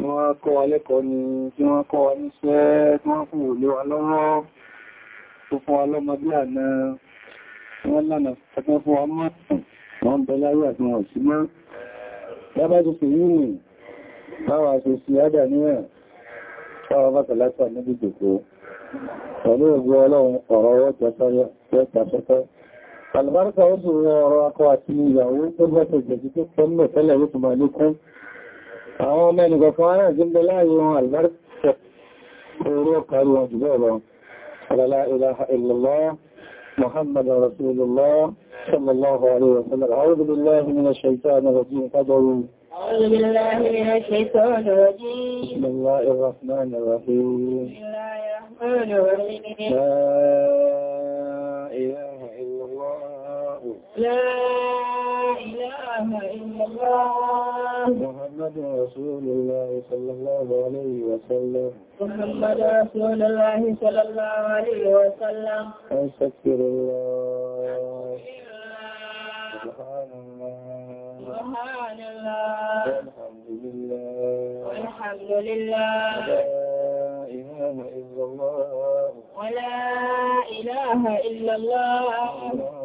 tí wọ́n kọ́ wa ni tí wọ́n kọ́ wa níṣẹ́ tí wọ́n fún òlé wa lọ́wọ́ tó fún wa lọ́mọ bí àná wọ́n lànà tẹ́kẹ́ fún wa mọ́ wọ́n bẹ láyé àti wọ́n sí mọ́ lábá tó fi yí nì báwa ṣe sí ádà níwẹ̀ báwa bá tẹ̀lẹ́sà níbi jòkó pẹ̀lú ògbó ọlọ́run ọ̀rọ̀ ọwọ́ tẹ́tẹ́tẹ́ Àlùbáríkà ó sì rọ ọ̀rọ̀ akọ àti ìyàwó tó bá tẹ̀jẹ̀ sí tó pẹ́ mẹ́ tẹ́lẹ̀ ló tún máa lékún اه من غفارة جل لا يوم البرد وروق لا إله إلا الله محمد رسول الله صلى الله عليه وسلم أعوذ بالله من الشيطان الرجيم أعوذ بالله من الشيطان الرجيم بسم الله الرحمن الرحيم بسم الله الرحمن الرحيم لا إله إلا الله لا إله إلا الله محمد رسول الله صلى الله عليه وسلم محمد رسول الله صلى الله عليه وسلم أشكر الله سبحان الله سبحان الله الحمد لله الحمد لله لا إله إلا الله ولا إله إلا الله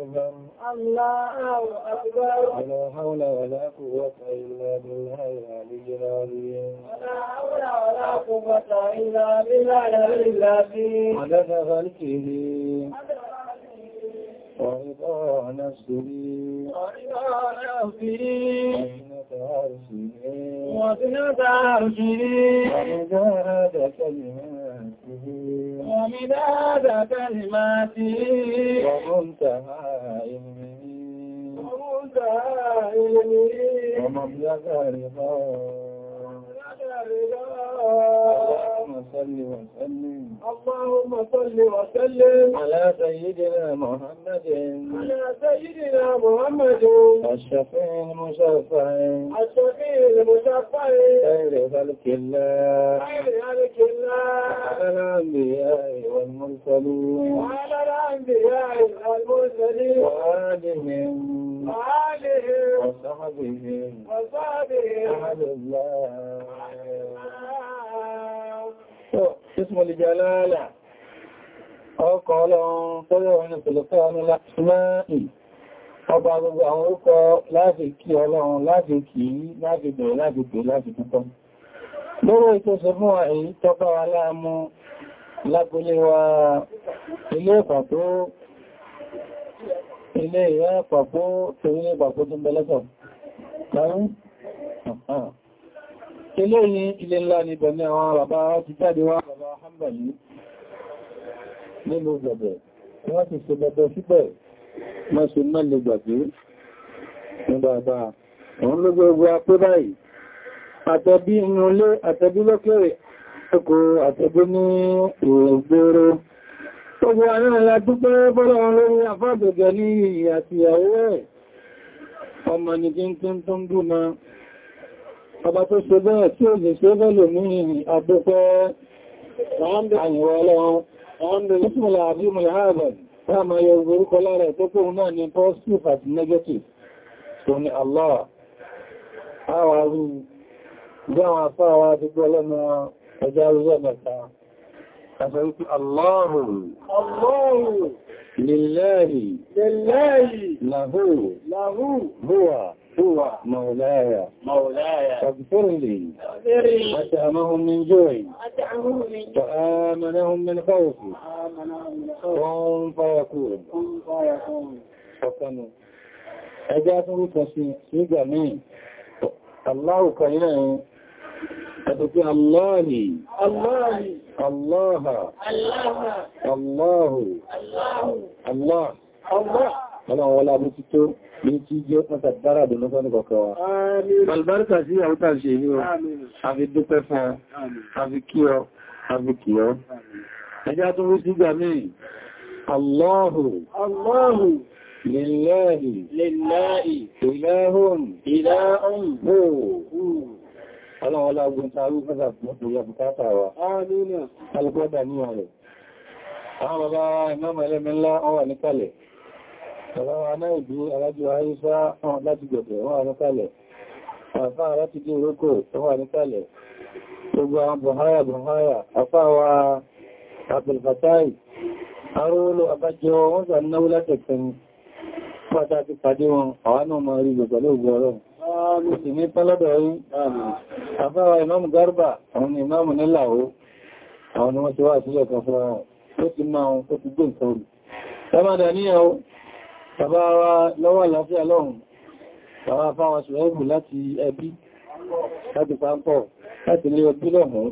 أكبر الله أكبر ولا حول ولا قوة إلا بالله العلي العظيم ولا حول ولا قوة إلا بالله العلي العظيم عدد خلقه ورضا نفسه ورضا نفسه وزنة عرشه ومداد كلماته ومداد كلماته ومنتهى علمه ومنتهى علمه ومبلغ رضاه اللهم صل وسلم على سيدنا محمد على سيدنا محمد الشفيع المشفع الشفيع المشفع خير خلق الله خير خلق الله على الأنبياء والمرسلين وعلى الأنبياء والمرسلين وآلهم وآلهم وصحبهم وصحبهم أهل الله اسم الجلالة ọkọ̀ọ́lọ́ tọ́lọ̀ ọ̀nà pẹ̀lẹ̀kọ́ ọ̀nà láti ọba gbogbo àwọn orúkọ láti kí ọlọ́run láti kí láti bẹ̀rẹ̀ láti pè láti púpọ̀. lọ́wọ́ ètò ṣe fún àyí tọ́pá wa láàmú lágbólé wa ilé ìpàpó ilé ìyá ìpàpó torílé ìpàpó tó bẹ̀lẹ́sọ̀ eléyìí ilé ńlá ní bẹ̀mí àwọn bàbá ti jáde wá bàbá hamba yìí nílùú bẹ̀bẹ̀ wọ́n ti ṣe bẹ̀bẹ̀ síbẹ̀ má ṣe má lè gbàgbé ní bàbá òun ló gbogbo apé báyìí àtẹ̀bí inú ilé àtẹ̀bí lókèrè ẹkù àtẹ̀bí ní ìgbèrò gbogbo aláàlá dúpẹ́ bọ́lá wọn lórí afábẹ̀gẹ̀ ní ìyàtìyàwó ẹ̀ ọmọ nìkínkín tó ń dùn náà ọba tó ṣe bẹ́ẹ̀ tí ó lè ṣe bẹ́lò ní àgbẹ́fẹ́ àyìnwọ̀ ọlọ́run Ẹja rúrú ọmọta, àṣẹ wípé Allahu, Allahu, Lillahi, Lillahi, Lahu, Lahu, Huwa, هو مولاي مولاي فاغفر لي أتعمهم من جوع وآمنهم من خوف قوم فيكون فكانوا أجاتهم تسيقا مين الله كينا أتكي الله الله الله الله الله الله الله ọlọ́run wọlá bú ti tó ní tí jẹ́ pẹ́ta dára dùn lọ́sọ́ ní kọ̀kọ́ wa. albarka sí àwútà ṣe ní ọ àfi dúpẹ́ fún ọ àfi kí ọ àfi kí ọ ẹjá tó rú sí gbà míì Allahu Allahu lillahi lillahi ilahun ilahun ho ọlọ́run wọlá ogun taarú pẹ́ta bukata wa alùgbọ́dà ní ọ̀rẹ̀ àwọn bàbá ìmọ́mọ̀ ẹlẹ́mẹ́lá ọwà níkàlẹ̀ Bàbá wa náà ìlú alájú àárísá wọn láti gbẹ̀bẹ̀ wọ́n wà níkàlẹ̀. Àfá láti dé orókò wọ́n wà níkàlẹ̀. Gbogbo àwọn Buhaya Buhaya, àfá wa Abdulfatai, arúlò àbájọ wọ́n sà náwó láti ẹ̀kẹ́ni. Pàtàkì pàdé wọn, àwọn náà máa rí gbogbo lóògbọ́ ọlọ́run. Ààrùn sì ní pẹ́lọ́dọ̀ yìí. Àfá wa Imam Garba, àwọn ni Imam níláwó, àwọn ni wọ́n ti wá sílẹ̀ kan fún wọn. Ó ti máa wọn, ó ti gbé nǹkan rù. Ẹ bàbá wa lọ́wọ́ àlàáfíà lọ́hùn bàbá fáwà ṣùgbọ́n láti ẹbí láti pàápọ̀ láti lé ọbí lọ́hùn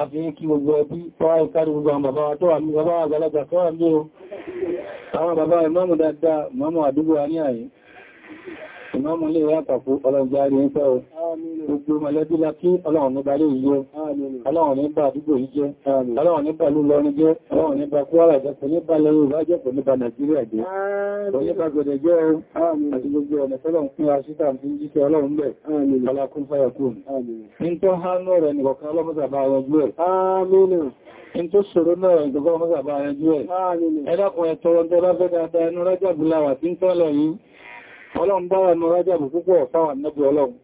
a fi ń kí gbogbo ẹbí pọ́wà ìkárí gbogbo àwọn bàbá wà tó wà ní ìmọ́mù lè wá pàpù ọlọ́gbàrí ń fẹ́ gbogbo mọ̀lẹ́bílá kí ọlọ́run ní balé yíó ọlọ́run ní bá àdúgbò yí jẹ́ ọlọ́run ní bá lúlọrin jẹ́ ọlọ́run ní bá kúwàrà jẹ́ kò ní bá lẹ́yìn ìwá jẹ́ kò ní bá nàìjíríà jẹ́ kò ní bá gbọdẹ̀ jẹ́ àti gbogbo ọ̀nà tọ́lọ̀ fún aṣíta àti jíṣẹ́ ọlọ́run bẹ̀ ọlákún in tó ṣòro náà ìgbogbo ọmọ sàbà ẹjú ẹ̀. ẹ̀dàkùn ẹ̀tọ́rọ̀ tẹ́lá fẹ́ dáadáa ẹnu rájà búláwà tí ń tọ́lẹ̀ yìí ọlọ́run bá wà ní púpọ̀ fáwọn nẹ́bù ọlọ́run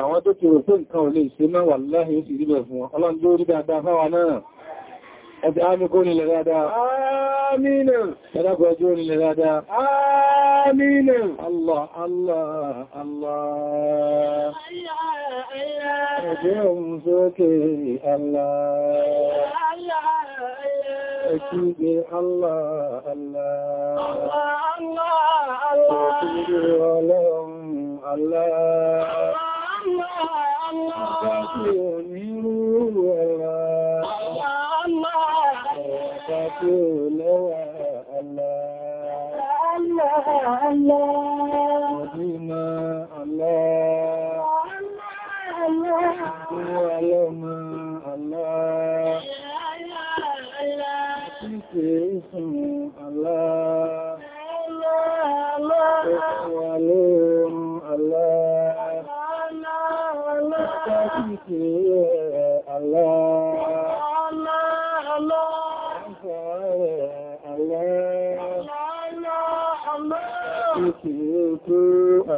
àwọn tó ti rò nǹkan ò lè ṣe mẹ́wàá láhìí fún ọlọ́run ló dáadáa fáwọn náà Ẹ̀bí àmì kó nílẹ̀ dáadáa. Àmìnà. Ẹ̀dàgbà ọjọ́ nílẹ̀ dáadáa. Àmìnà. Allah, Allah, Allah. Ẹ̀bí ọmọ sókè Allah. Ẹ̀kígbé Allah, Allah. Allah, Allah, Allah. Ẹ̀kígbé ọlọ́run Allah. Allah, Allah, Allah. Ẹ̀kígbé onírúurú Allah. رسولها الله الله الله قديما الله الله الله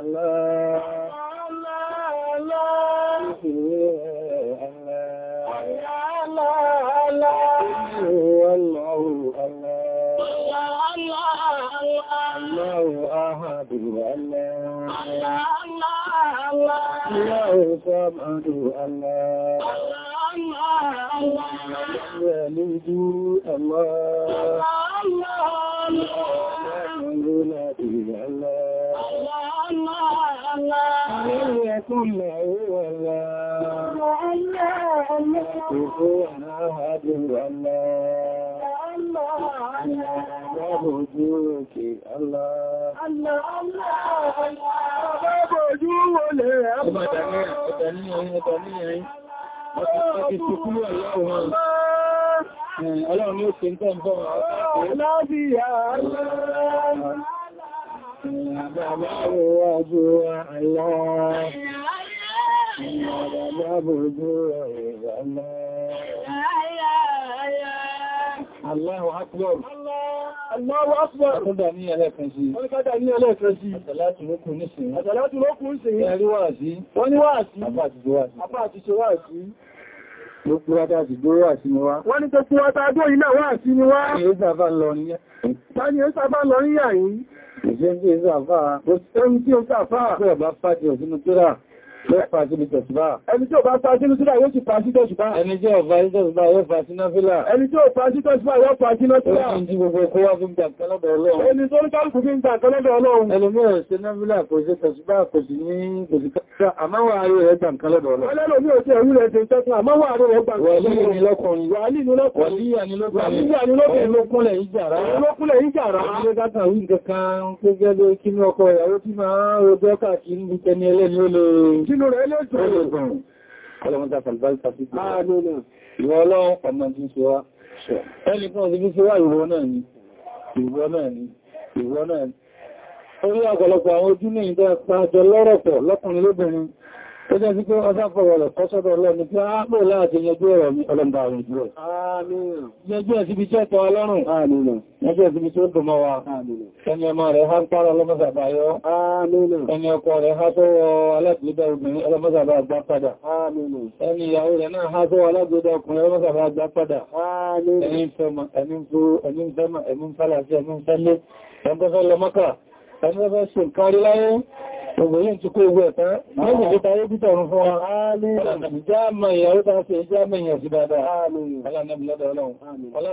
la Allahu akbar. Allahu akbar. Ọkọ́dà ní ẹlẹ́kẹ̀ẹ́sí. Ọkọ́dà ní ẹlẹ́kẹ̀ẹ́sí. Àtàlátù ló kún ní sí. Àtàlátù ló kún sí. Ẹ̀rí wà sí. Wọ́n ní wà sí. Àpá àti ṣe wà sí ló kúrá tá sì dúró wà sí ni wá. Wọ́n ní tó kúrá tá dúró iná wà sí ni wá. Ẹni ìsàfà lọ ní yà. Tani ìsàfà lọ ní yà yìí. Ìṣẹ́ ń tí ìsàfà. Òṣìṣẹ́ ń tí ó sàfà. Bẹ́ẹ̀ bá fàájì òsínú tó Yóò fà sí ìjọsùbá. Ẹni tí ó bá fà sí ìjọsùbá yóò sì fà sí ìjọsùbá. Ẹni tí ó fà sí ìjọsùbá yóò fà sí náfílà. Ẹni tí ó fà sí ìjọsùbá yóò fà sí náfílà. Ẹni tí gbogbo kó wá fún ìjàǹkan lọ́dọ̀ Ọlọ́run. Ẹni tó ń kálùkù fún ìjàǹkan lọ́dọ̀ Ọlọ́run. Ẹlòmíràn ṣe náfílà kò ṣe tẹ̀sùbá kò sí ní kò sí káṣá. Àmọ́ wà ayé rẹ̀ jàǹkan lọ́dọ̀ Ọlọ́run. Ẹlẹ́lòmí tí ẹ̀rú rẹ̀ ṣe tẹ́kùn àmọ́ wà ayé rẹ̀ jàǹkan lọ́dọ̀ Ọlọ́run. Wàlí ni lọ́kùnrin. Wàlí ni lọ́kùnrin. tí ó lè. Kí inú rẹ̀ lè dùn ọlọ́mọdá fàlbáìta sí ah, ìwọ ọlọ́run pàmọ́ tí ń ṣe wá ẹni kan sí fi ṣe wá ìwọ náà ni ìwọ náà ni ìwọ náà ni orí ọ̀pọ̀lọpọ̀ àwọn ojú ní ìdá tó jẹ́ sí pé ọjá fọ̀rọ̀lọ̀ kọ́sọ́dọ̀ ọlọ́ni pé a mọ́ láti yẹjú ọ̀rọ̀ mi ọlọ́mbà rẹ̀ jùlọ. yẹjú ẹ̀ síbi jẹ́ tọ́ ọlọ́run yẹjú ẹ̀ síbi tó dùn mọ́ wa ẹni ọmọ rẹ̀ ha ń pàrọ̀ ọlọ́mọ́sàbáyọ́ ẹni ọkọ rẹ̀ ha sọ́wọ́ alágbèdá obìnrin ọlọ́mọ́sàbá àgbà padà ẹni ìyàwó rẹ̀ náà ha sọ́wọ́ alágbèdá ọkùnrin ọlọ́mọ́sàbá àgbà padà ẹni ń fẹ́mọ̀ ẹni ń fẹ́ ẹni ń fẹ́mọ̀ ẹni ń fẹ́lẹ̀ ẹni ń fẹ́lẹ̀ ẹni ń fẹ́lẹ̀ mọ́kà ẹni ń fẹ́ Gbogbo yìí ti kó ewu ẹ̀ta, mẹ́jì ló ta ẹbí tọrún fún wa. Jáàmà ìyàwó ta ṣe jáàmà ìyàn sí dáadáa. Alánàbìlọ́dọ̀ ọlọ́run. Ọlá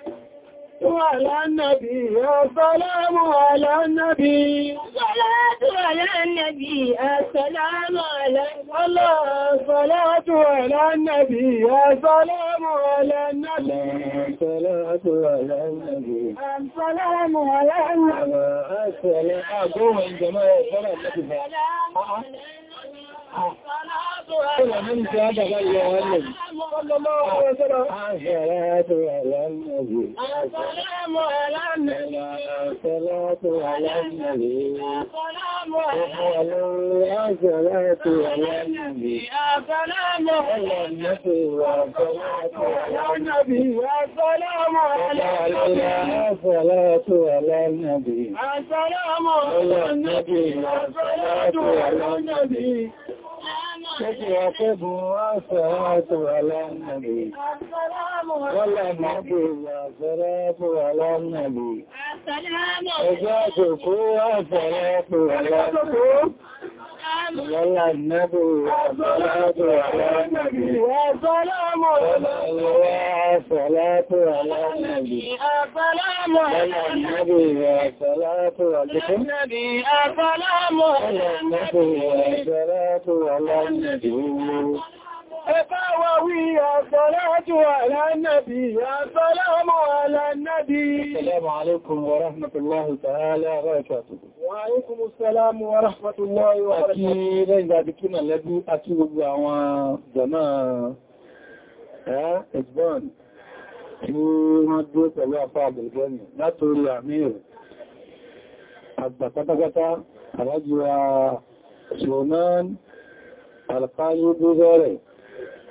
على النبي السلام على النبي صلاة على النبي السلام على الله صلاة على النبي السلام على النبي صلاة على النبي السلام على النبي السلام على النبي Àṣàlámọ̀ ọ̀lọ́nàbí, àṣàlámọ̀ ọ̀lọ́nàbí, فاتبوا الصلاة على النبي والنبي والصلاة على النبي فاتبوا الصلاة على النبي Lọ́lá ìnẹ́bò àṣọ́látò alánàbì. Àṣọ́lámò lọ́wọ́ àṣọ́látò alánàbì. Àṣọ́lámò alánàbì àṣọ́látò alánàbì. Àṣọ́lámò alánàbì àṣọ́látò alánàbì ẹbá wa wí àṣọ́lájú àlánàbí àṣọ́lámọ́ àlánàbí Assalamu alaikum wa rahmatullahi ta'ala wa barakatuhu Wa alaikum assalamu wa rahmatullahi wa barakatuhu Àti lẹ́yìn dáadé kí màá lẹ́bí àti gbogbo àwọn jàmá ẹ̀ẹ́sbọ́n tí wọ́n dúró pẹ̀lú àfá àgbẹ̀gẹ́mì látorí àmì rẹ̀ àgbà pátápátá àwájúwa Suleiman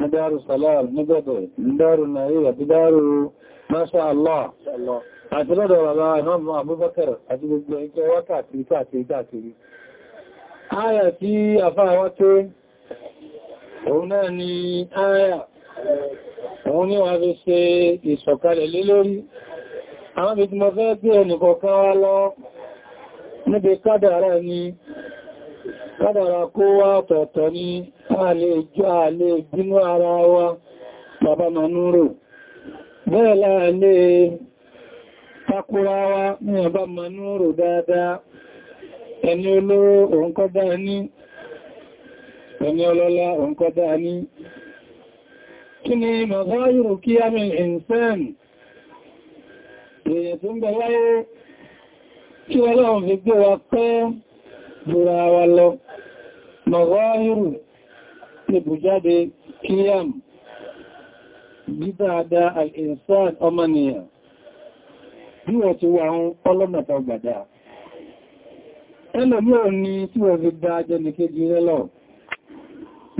ní dárù salam ní gọ́dọ̀ ní dárù nàírí àti dárù masha Allah àti lọ́dọ̀ bàbá ìmọ́mù Abubakar àti gbogbo ikẹ́ wákàtí káàkiri káàkiri áyà tí àfáà wá tó òun náà ni áyà òun ní wà fi kádàrà kó wá ọ̀tọ̀ọ̀tọ̀ ní ààlè ìjọ ààlè ìbínú ara wa bàbá manúrò bẹ́ẹ̀ láàlè takúra wa ní bàbá manúrò dáadáa ẹni olóró òǹkọ́dá ní ẹni ọlọ́lá òǹkọ́dá ní kí ni mazayuru kí a mi ìnsẹ́n èèyàn tó ń bẹ̀ láyé kí ọlọ́run fi gbé wa pẹ́ jùra wa lọ mazahiru ní bùjáde kíyàm dídáadá al'insan ọmọnìyàn bí wọ́n ti wà ń ọlọ́mọ̀ta gbàdá ẹlòmí ò ní tí wọ́n fi dá jẹ́ ní kéjì rẹ lọ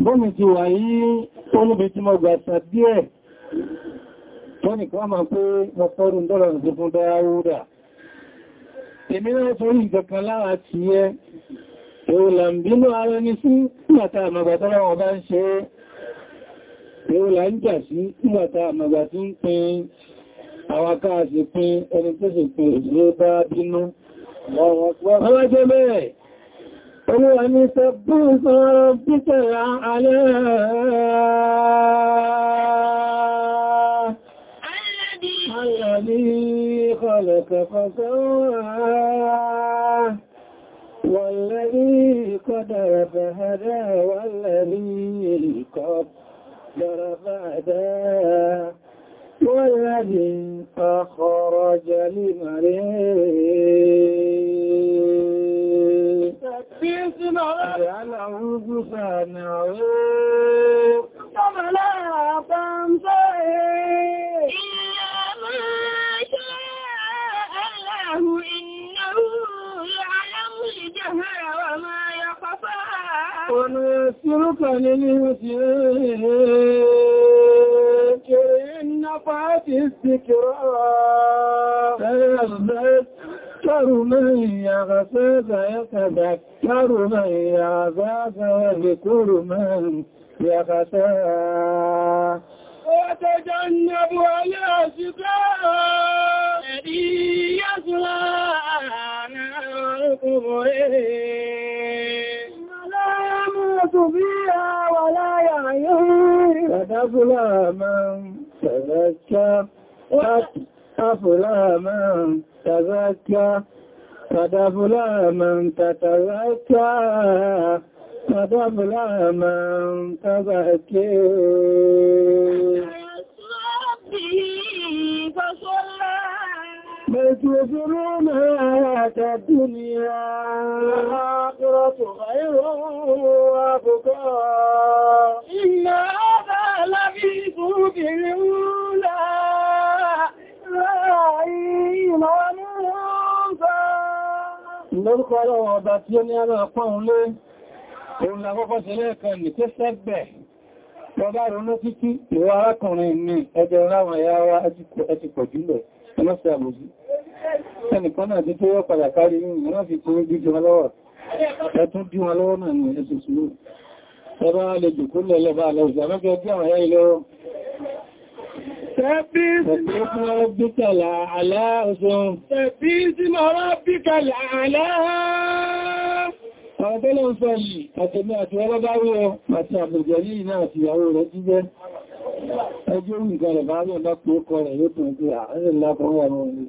bọ́mì ti wà yí olóbi tí mọ́ gbà sà díẹ̀ tó nìkan máa pé wọ́n fọ́rún dọ́lọ̀ Èwòlà ń bínú ara ní sí nígbàtà àmàgbàtọ́lá wọn bá ń ṣe é. Èwòlà ń jà sí nígbàtà àmàgbà ń pin àwọn akáàsì pin ẹni tó sì pin ìṣẹ́ bá bínú. Wọ́n wá jẹ́ والذي قدر فهدى والذي قدر فهدى والذي أخرج لمريء جعله بصانعه وملا تنصيه ونسرك للهتيك إن نفعت الذكرى فيذكر من يغفى فيتذكر من يغفى فيذكر من يغفى وتجنب على شقاء الذي يصلى نار القبرين بها ولا يعيون قد أفلى من تذكر قد أفلى من تذكر قد أفلى من تتذكر قد أفلى من تذكر فصل تزرون هذا الدنيا والآخرة خير وابقى إن هذا لفي صوت الأولى رائم موسى lórúkọ ọlọ́wọ̀ ọba tí ó ní aláàpá olé òun lápọ́pọ́ sí títí ìwọ arákùnrin ní ẹgbẹ̀rún láwọn ẹ̀yà wá ẹtìkọ̀ jùlọ ẹlọ́sẹ̀ àmójú ẹnìkan náà ti tó wọ́ padà kárí yìí wọ́n fi kó gbígbé wọn lọ́wọ́ ẹ̀tún bí wọn lọ́wọ́ náà ní ẹ̀sùn sùúrù ẹbá lè jùkú lẹ́lẹ́bá lọ́wọ́ ìgbàmọ́kẹ́ ẹgbẹ́ àwọn ẹ̀yà ilẹ̀ ọ́ Tẹ̀bísí máa rábíkà làálá ọ̀sán. Tẹ̀bísí máa rábíkà làálá. Àwọn tẹ́lẹ̀ Ẹjọ́ ìgbàlẹ̀ bá rí ọ̀dá pé ó kọ rẹ̀ yóò tún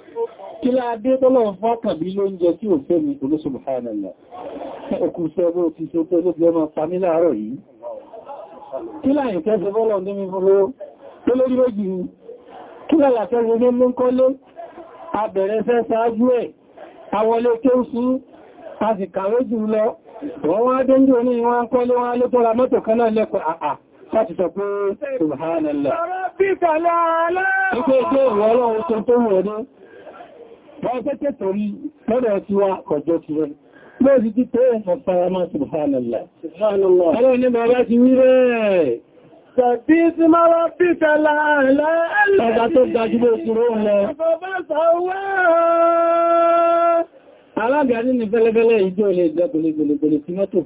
kí láàdé tọ́lọ̀ fákàbí ló ń jẹ kí ò fẹ́ mi olóṣùlù hànàlá ẹkùn sẹ́gbọ́ ti ṣe tó ló fi ọmọ pàmí láàárọ̀ yìí kí láàrín kẹsẹ̀ bọ́lọ̀ ní mi fúró tó lórí méjì ni kí lálàkẹ́ rẹ̀ ló ń kọ́lé abẹ̀rẹ̀ fẹ́ sáájú ẹ̀ awọlé tó sí a sì kàwé jù lọ wọ́n wá dénjú ní wọ́n kọ́lé wọ́n lé tọ́ra mọ́tò kan náà lẹ́kọ̀ọ́ àà láti sọ pé subhanallah wọ́n tẹ́tẹ́ torí lọ́dọ̀ tí wá kọjọ́ ti rẹ̀ lọ́dí sí máa tó dájú bó kúrò lọ. Alága nínú fẹ́lẹ́fẹ́lẹ́ ìjọ ilé ìjọ gbogbogbò tí mọ́tò.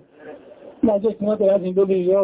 Máa jẹ́ tí mọ́tò láti gbóbi yọ́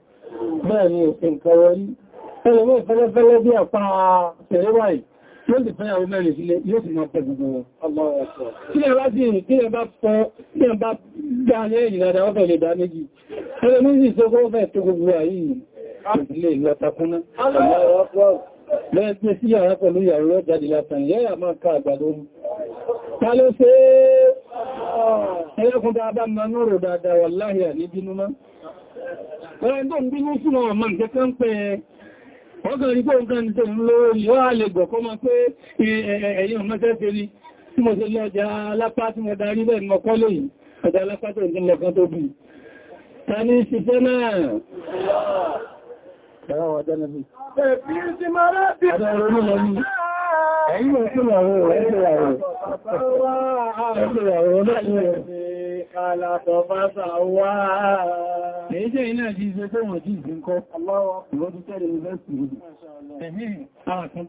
bẹ́ẹ̀ ni òfin kọwọ́ rí ẹlẹ́mọ́ ìfẹ́lẹ́fẹ́lẹ́ bí àpá tẹ̀lẹ́wàì yóò lè fẹ́ àwọn mẹ́rin sílẹ̀ yóò sì máa pẹ̀ gbogbo wọn tí ẹ bá dìrì tí ẹ bá pọ̀ tí ẹ bá dá ní ẹ̀yìn dáadáa ọ̀fẹ́ lè dá méjì ẹlẹ́mọ́ sì sọ fẹ́ tó gbogbo àyíyìn ilé ah. ìlọ́takúnná lẹ́gbẹ́ sí yàrá pẹ̀lú yàrá jáde látàn yẹ́yà máa ká àgbàdo ní ta ló ṣe é ah. ẹlẹ́kùn dáadáa mọ́ nọ́rọ̀ dáadáa wà láhìá ní bínú máa ẹ̀rẹ́ tó ń bí ní fún ọmọ ìjẹ́kẹ́ ń pẹ́ ọgbọ̀n rí pé nǹkan tó ń lo ìwọ́ àlẹ́gbọ̀ kọ́ máa pé ẹ̀yìn ọmọ tẹ́fẹ́ rí tí mo ṣe lọ́jà alápá tí mo darí bẹ́ẹ̀ mọ́ kọ́ lóyìn ọjà alápá tó ń lọ́kan tó bí ta ní ṣiṣẹ́ náà Ẹ̀yìn ọ̀tún àwọn ẹ̀ṣẹ̀ àwọn ọ̀rọ̀ Èéṣẹ́ iná jí ṣe tó wọ̀n jí ìsìn kọ́. Ìwọ́dún tẹ́lẹ̀ ìrẹ́sì rí. Ẹ̀hìn ìyàwó àbá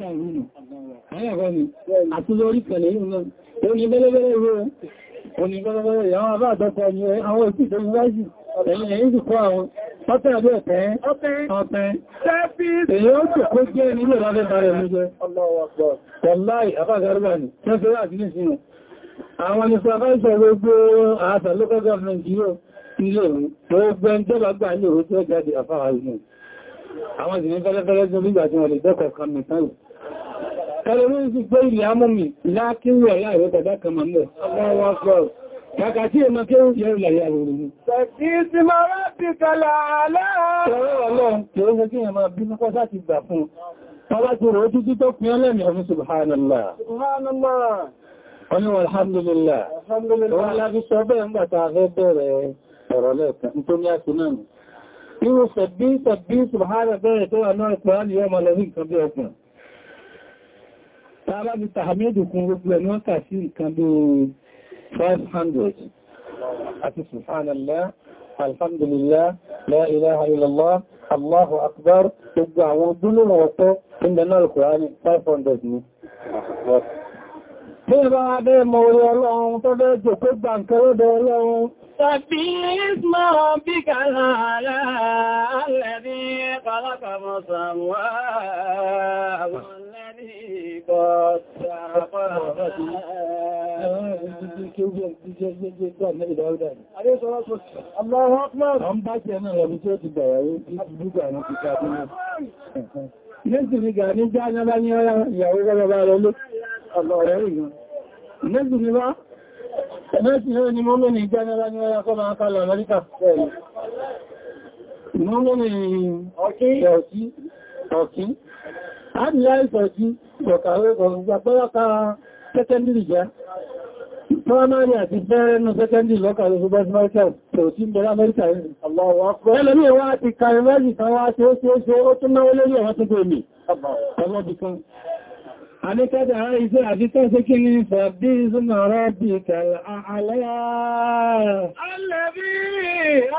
ni àwọn ìsìnkú ìwájì. Ẹ̀yìn èyí sì kọ́ àwọn. Ọ̀tẹ́ àbí ọ̀tẹ́. Ọ̀tẹ́. Èyí ó tò kó jẹ́ nílò lábẹ́ mú jẹ́. Ọlọ́wọ́ àwọn ni sàfẹ́sẹ̀ gbogbo àtàn local government yóò ilé ìwé tó gbẹ́ jọba gbà ní òun tí ó jáde àfáà inú àwọn ìsinmi fẹ́lẹ́fẹ́lẹ́ tó nígbà tí wọ́n lè jẹ́kọ̀ọ́ kan mìtánù kẹlẹ̀rú sí pé ilẹ̀ amómi lákíwọ̀ ọ̀yá ìwé tẹ̀dá kan mọ̀ mọ̀ wọ́n wọ́n kọ́ kàkà tí èmọ kí ó yẹrù làyà rẹ̀ ni ṣàkí sí máa rántí kàlà aláà tọ́rọ ọlọ́run tí ó fẹ́ kí èmọ bí púpọ̀ sáti gbà fún tọ́lá ti rọ̀ ó títí tó pín ọlẹ́mì ọ̀fún subhanallah subhanallah Wọ́n ní wọ́n alhamdulillah. Wọ́n lábí sọ bẹ́ẹ̀ ń gbàta àfẹ́ bẹ̀rẹ̀ ọ̀rọ̀ lẹ́ẹ̀kan tó ní àti náà. Irú sẹ̀bí sẹ̀bí subhánà bẹ̀rẹ̀ tó wà náà pẹ̀lú yọ́ ma lọ sí nǹkan bí ọkùn. Tààrà bí Tàhàmídù kún gbogbo ẹ̀ ní wọ́n kà sí nǹkan bí 500 àti subhanallah, alhamdulillah, la ilaha illallah, Allahu akbar, gbogbo àwọn gbólóhùn ọ̀tọ̀ Bí bá dé mọ orí ọlọ́run tó dé jòkó gbà ń kẹrọ ọlọ́run. Tàbí ìsmọ̀ bí kàrà ààrẹ alẹ́rí pàlápàá sàmúwà àwọn lẹ́rí ní ti ká ọlọ́rẹ̀ ìgbà mẹ́sì ni wá mẹ́sì ló ní mọ́mẹ́ni ìjánẹ́lá ní ọya primary àti bẹ́rẹ̀ ní secondary local university america tó sí bẹ̀rẹ̀ america yìí ẹlẹ́mí wá ti kàrí kan wá tí ó tún náwó lórí ẹ̀wọ́n tó gbé mi ọmọdé kan Àníkẹ́dà iṣẹ́ àdíkẹ́sẹ́ kí ní fàbí ìsúnà rọ́bì kàlà àlẹ́ Alẹ́bí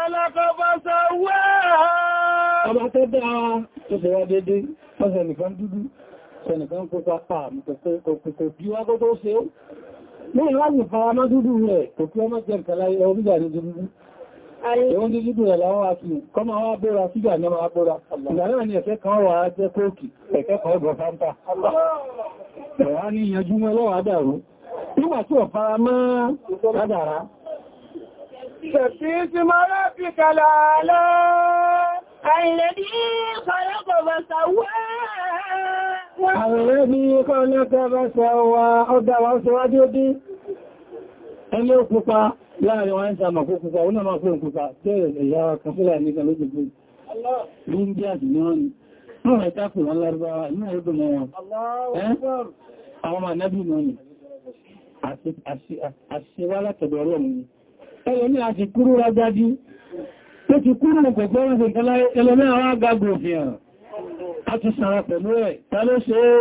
alákọ́bá sọ́wọ́. Ọba tó dá tó ṣe wá dédé, ọ̀sẹ̀ nìkan dúdú, wá kó tó Ẹ̀wọ́n tó jùgbò rẹ̀ láwọ́ àti kọmọ wá bóra sígbà náà wá bóra. Ìgbà ni ẹ̀fẹ́ kan wà á jẹ́ kóòkì, ẹ̀kẹ́ kan ọgbọ̀ bá sàwọ́ Àìlẹ́bí kọ́lọ́kọ̀ bá sàwọ́ ọdá wa ń ẹlẹ́ òkúpa láàrin wọn ṣàmà kó kúpa ó náà máa fún òkúpa tẹ́rẹ̀ ẹ̀yà kàfílà ní kan lójú fún india ni wọ́n ni wọ́n rẹ̀ tápù wọn lárúbáwá ní ọdún mọ́ wọn àwọn ọmọ anábì mọ́ ni àṣíwá látọ̀dọ̀ ọlọ́run ni ẹlẹ́ ní àti a ti sára pẹ̀lú ẹ̀ ta ló ṣe é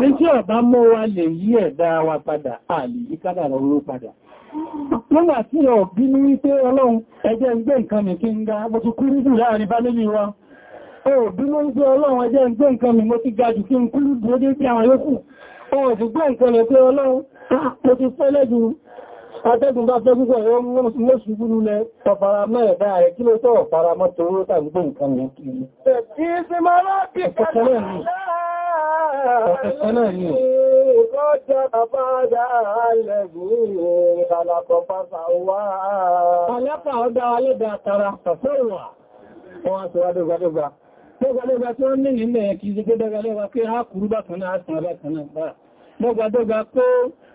ní tí ọ̀bá mọ́ wa lè yí ẹ̀dá wa padà a lè yí kádà lọ́rọ̀ padà nígbà tí ọ̀ bí ní wípé ọlọ́run ẹjẹ́ ń gbé nǹkan mi kí ń ga mo ti kú rídù láàrin bá lórí wa ó bí mo ń gbé ọlọ́run ẹjẹ́ ń gbé nǹkan mi mo ti ga jù kí ń kú rídù ó dé sí àwọn yókù ó ti gbé nǹkan mi pé ọlọ́run mo ti fẹ́lẹ́ jù atẹ́gùn bá fẹ́ púpọ̀ ẹ̀rọ mọ́sùn gúrúlẹ̀ tọfara mẹ́ẹ̀dá rẹ̀ kí ló tọ́rọ̀ fara mọ́ toró tàbí nǹkan ní kiri Lọ́gbàdọ́gbà tí wọ́n ní ìlẹ̀ kìí ṣe pé dọ́gbàdọ́gbà pé á kúrú bákanáà, á sàn bákanáà. Lọ́gbàdọ́gbà pé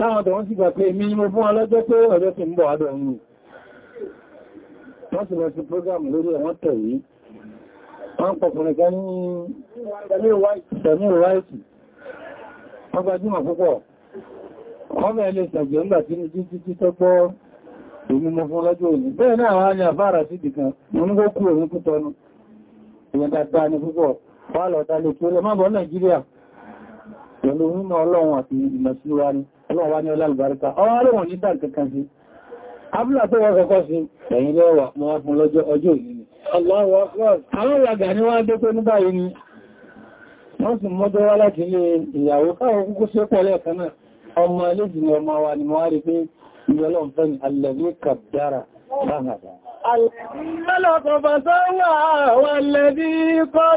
láwọn ọ̀dọ̀ wọ́n sì gbà pé mi mo fún ọlọ́jọ́ pé ọjọ́ ti ń bọ̀ adọ̀ yìí wọ́n sì lọ sí program lórí ẹ̀wọ́n tẹ̀ yìí wọ́n pọ̀kùnrin kan ní sẹ̀mí ìwáìtì wọ́n gbajúmọ̀ púpọ̀ wọ́n mẹ́ ilé ìsàgbẹ̀ ńgbà tí ní tó èmi mo fún ọlọ́jọ́ òní bẹ́ẹ̀ náà wá ní àfáàrà sí ìdìkan mo ní kó kú òní ìyẹn dáadáa ní púpọ̀ lè kí ó bọ́ ọlọ́wà ní ọlá àlùbáríkà ọwọ́ alẹ́wọ̀n ní dáàkì kan sí abúlà tó wọ́n kọ́kọ́ sí ẹ̀yìn lẹ́wà mọ́ wá fún lọ́jọ́ ọjọ́ òní ni àwọn ìlàgà ni wọ́n sì mọ́jọ́ wá láti ilé ìyàwó káwọn kúkú sí pọ̀ lẹ́ẹ̀kan náà ọmọ eléjì ni ọmọ wa ni mo wá sọ́wọ́ àwọn alẹ́bí kọ́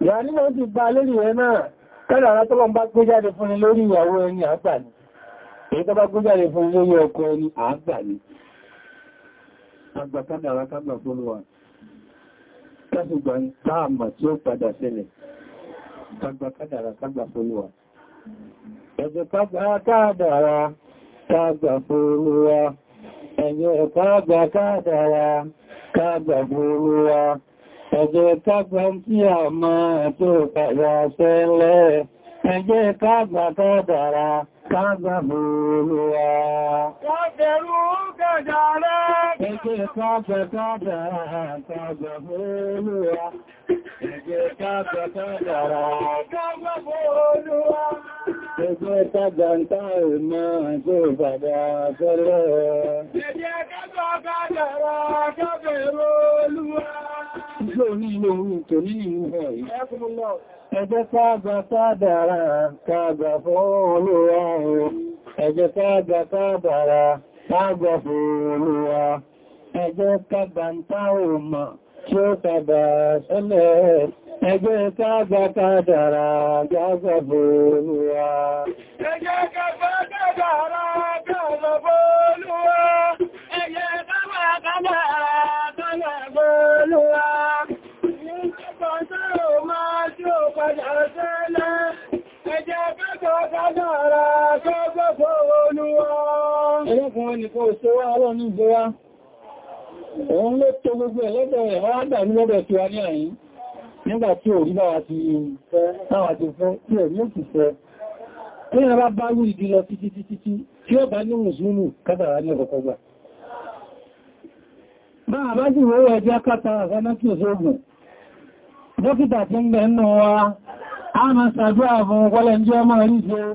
ìyá nínú ti bá lórí rẹ̀ náà kẹ́lẹ̀ àwọn tọ́lọ bá gbé jáde fún ni lórí ìyàwó ẹni àgbà ni èyí tó bá gbé fún ni lórí ọkọ ẹni àgbà ni agbàkádà arákágbà fún wa kásùgbà táàmà tí ó padà ṣẹlẹ̀ agbàkádà arákágbà fún wa ẹ̀jẹ̀ kágbàkádàrà kágbà fún wa Ẹjẹ́ kágbà tí a máa tó kàgbà sẹ́lẹ̀, ẹjẹ́ kágbà tó dára, kágbà bòrò wa. Kágbẹ̀rú kẹjà rẹ̀. Ẹgbẹ́ káàbẹ̀ káàbẹ̀ káàbẹ̀ fóòlúwa. Ẹgbẹ́ káàbẹ̀ káàbẹ̀ káàbẹ̀ fóòlúwa. Ẹgbẹ́ káàbẹ̀ ntá ìmọ̀ tó bàbá fẹ́lẹ̀. Ẹgbẹ́ káàbẹ̀ káàbẹ̀ fóòlúwa. Ìjọ́ ní ilé orí tò ní ìlú ẹ̀ yìí. Ẹgbẹ́ káàbẹ̀ káàbẹ̀ káàbẹ̀ fóòlúwa. Ẹgbẹ́ káàbẹ̀ káàbẹ̀ lágbà fòròwà ẹjọ́ kàbàntà òmà tí ó kàbà sẹ́lẹ̀ ẹjọ́ kàbà kàdàrà gbàgbà fòròwà ẹjọ́ kàbà kàdàrà gbàgbà fòròwà ẹjọ́ kàbà kàdàrà gbàgbà fòròwà Ẹjẹ́ kẹ́kọ̀ọ́ kádàrá ẹlẹ́kùnrin òun ló tó gbogbo ẹ̀lẹ́bẹ̀ rẹ̀ wá dàrí lọ́bẹ̀ tí wá ní àyín nígbà tí ò rí báwa ti fẹ́ tí ò rí òkú fẹ́ tí wọ́n bá bá wùí di lọ títí títí tí ó bá ní mùsùlùmù kátàrà ní ọ̀kọ̀kọ̀ bá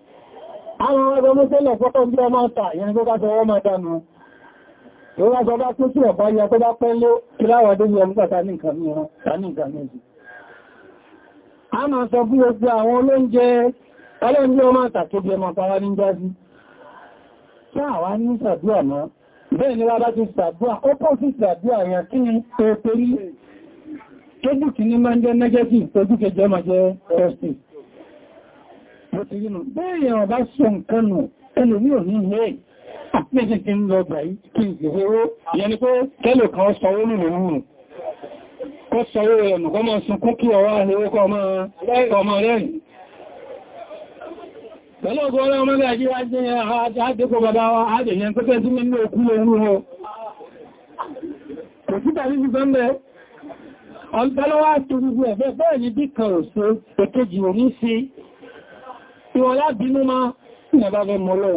àwọn ọmọ tẹ́lẹ̀ fọ́kọ́ bí ọmọ ọ̀tà yẹni tó bá sọ ọmọ dánú tó bá sọ bá kú sí ọ̀pá ya tó bá pẹ́lú kíláwà dé yẹn nígbàtà ní nǹkan méjì a máa sọ bí ojú àwọn olóúnjẹ ọlọ́njẹ́ ọmọ ọ̀tà tó bí ọmọ pàwà ní jásí sáàwá ní sàdúà mọ́ bẹ́ẹ̀ ni lábá ti sàdúà ó pọ̀ sí sàdúà yẹn kí ni pẹ̀ẹ́pẹ̀rí tójú kìíní máa ń jẹ́ negative tójú kẹjọ máa bó ti rínú bẹ́ẹ̀ ọ̀bá sọ nǹkan nù ẹlòmí ò ní ilé àpẹẹsẹ̀ kí ń lọ gbà yí kí n gbèrò yẹn ni pé kẹ́lò kan sọwọ́ nínú rúrù kó sọwọ́ rẹ̀ nùkọ́ máa sunkún kí ọwá ahẹ́wó kọ ọmọ rẹ̀rìn pẹ̀lú ọgbọ́n ọlọ́run mọ́lẹ̀ àjí wá jẹ́ àádẹ́kọ̀ bàbá wa àádẹ́yẹn pẹ́kẹ́ sí nínú òkú lórú wọn kò tó gbogbo ẹ̀fẹ́ bẹ́ẹ̀ ní bí kan òṣò èkejì òní sí ìwọ̀n lábínú máa ní ẹ̀bá fẹ́ mọ́lọ́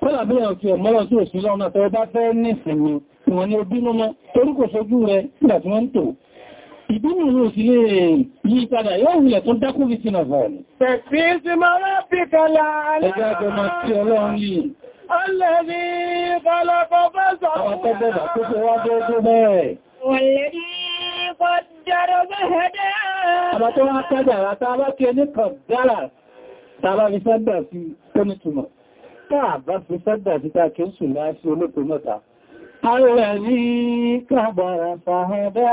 kọ́lá bí ọ̀kí ọ̀mọ́lọ́ sí òsì lọ́nà tó bá fẹ́ ní ìsinmi ìwọ̀n ni obínú máa torí kò sójú rẹ̀ nígbà tí wọ́n ń tò ìbínú ní òsì lè yí padà yóò wùlẹ̀ tó dákú fi sínà fọ́ọ̀lù Tẹ̀sí sí máa rábì kọlá alẹ́ Ẹjọ́ àjọ máa tí ọlọ́run yìí. Ọlẹ́ni kọlọ́kọ́ bá sọ̀rọ̀. Àwọn tó bẹ̀rẹ̀ tó ṣe wá dé tó bẹ́ẹ̀. Ọlẹ́ni kọjá rọ̀ bẹ́ẹ̀ dẹ́. Àbátọ́ wá kájà rátá bá kí ẹni kọ̀ dára tàbá fi sádà sí tónítùmọ̀ táà bá fi sádà sí ta kí ó sùn láì sí olóko mọ́ta ààrẹ ní kàbàrà fàhẹ́dá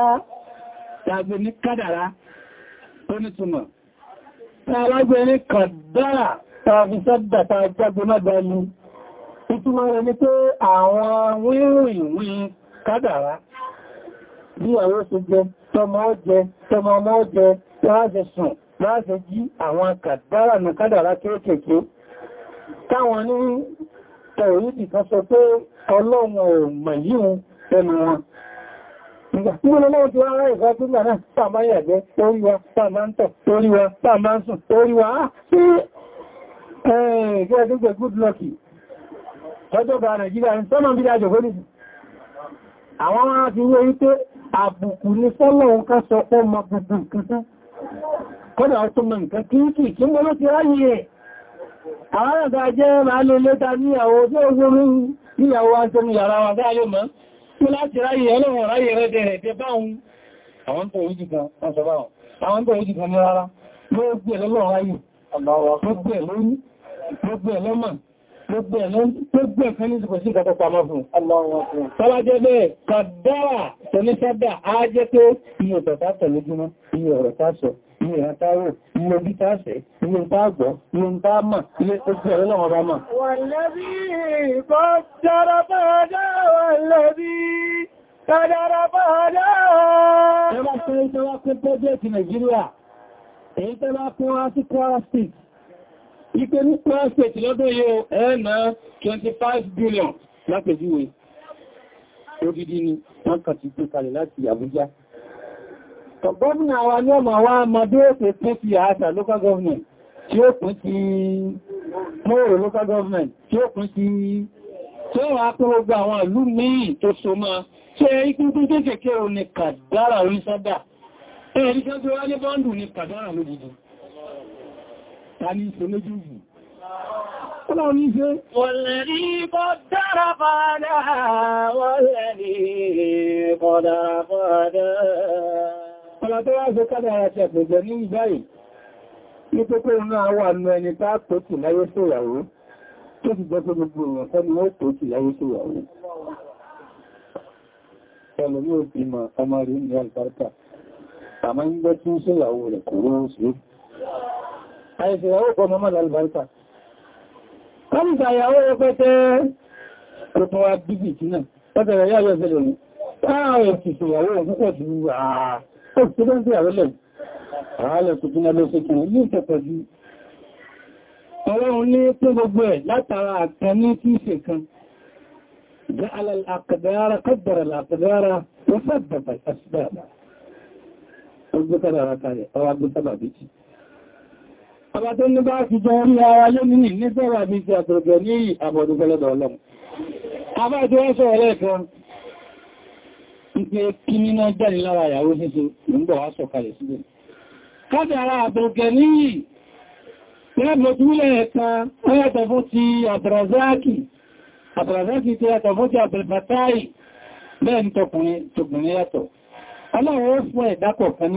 tàbí ní kádàrá tónítùmọ̀ tàbá gbé ní kàdàrà tàbí sádà tàbí mọ́gbàlú ìtumọ̀ rẹ̀ ni pé máa fi jí àwọn kàtàrà ní kádàrá kéékèèké táwọn ní tẹ̀wòrídì kan sọ pé ọlọ́run ò mọ̀ yíò ẹnu wọn Nígbàtí ti wá rẹ̀ náà, tàà máa yàgbẹ́, orí ń tọ̀, orí wa, tàà ń sùn, ah, tó gbẹ̀ kọ́dà tó nǹkan kí ń kìí kí mọ́lọ́ ti ráyè ẹ̀ àwọn àgbà jẹ́ máa lè lẹ́ta níyàwó tó ogoro níyàwó aṣẹ́mú yàrá wà dáa mọ́ tó láti ráyè ọlọ́run ráyè rẹ̀ dẹ̀rẹ̀ tẹ báhun àwọn tó ojú kan ní rárá gbogbo ẹ̀ lọ́lọ́run ráyè gbogbo ẹ̀ lórí gbogbo ẹ̀ lọ́mọ̀ gbogbo ẹ̀ gbogbo ẹ̀ kan ní ìsìnkò ilé àtàrò ilé bítàṣẹ́ ilé ìtàgbọ́ ilé ìtàmà ilé ojú ẹ̀rẹ́ lọ́wọ́ bá máa wọ̀lẹ́bí ìbọ́jára bá dáwà lẹ́bí tàdára bá dáwà Ipe ní Kwara State lọ́dún yóò ẹ̀ẹ́nà 25 billion lápèjúwe. Odidi ni wọ́n kà ti gbé kalẹ̀ láti Àbújá. So gọ́ọ̀nà wa ní ọmọ wa mọdé ètò tó fi àṣà local government tí ó kún ti mọ́rọ̀ local government tí ó kún ti tí ó wà pín gbogbo àwọn ìlú míì tó so máa ṣe ikú tó kéèkéé o ní kàdárà orí sádà ẹ̀rí Wọ̀lẹ̀rí kọ́ dára fàádá, wọ̀lẹ̀rí kọ́ dára fàádá ọ̀nà tó wá ṣe kádàrà ti àpèjẹ ní báyìí ní tó kó náà wà ẹni tó tì láyé síyàwó tó ti jẹ́ pé gbogbo èèyàn kọ́ ni ó tó tì láyé síyàwó ní òbí ma ọmọ rí sí àìsíyàwó kọ́ Òṣìṣẹ́ sí àrẹ́lẹ̀, àrẹ́lẹ̀ kò tún lọ sí kìí ní ìtẹ̀pẹ̀ sí. Ọlọ́run ní pín gbogbo ẹ̀ látara àkan ní tí ṣe kan. Ja'ala al-aqdara qaddara al-aqdara wa sababa al-asbab. Ọgbẹ́ kára kalẹ̀, ọwá gbé sábàbí jì. Ọba tó ní wípé kí nínú jáde lára ìyàwó síse ló ń bọ̀ wá sọ̀kalẹ̀ síbẹ̀. káàdì ara àbẹ̀gẹ̀ níyì lẹ́bùn ojúlẹ̀ ẹ̀kan ó yàtọ̀ fún ti àbẹ̀rẹ̀záàkì àbẹ̀rẹ̀záàkì tó yàtọ̀ fún ti àbẹ̀rẹ̀bàtáì bẹ́ẹ̀ ń tọkùnrin tọkùnrin yàtọ̀ ọlọ́run ó fún ẹ̀dá kọ̀ọ̀kan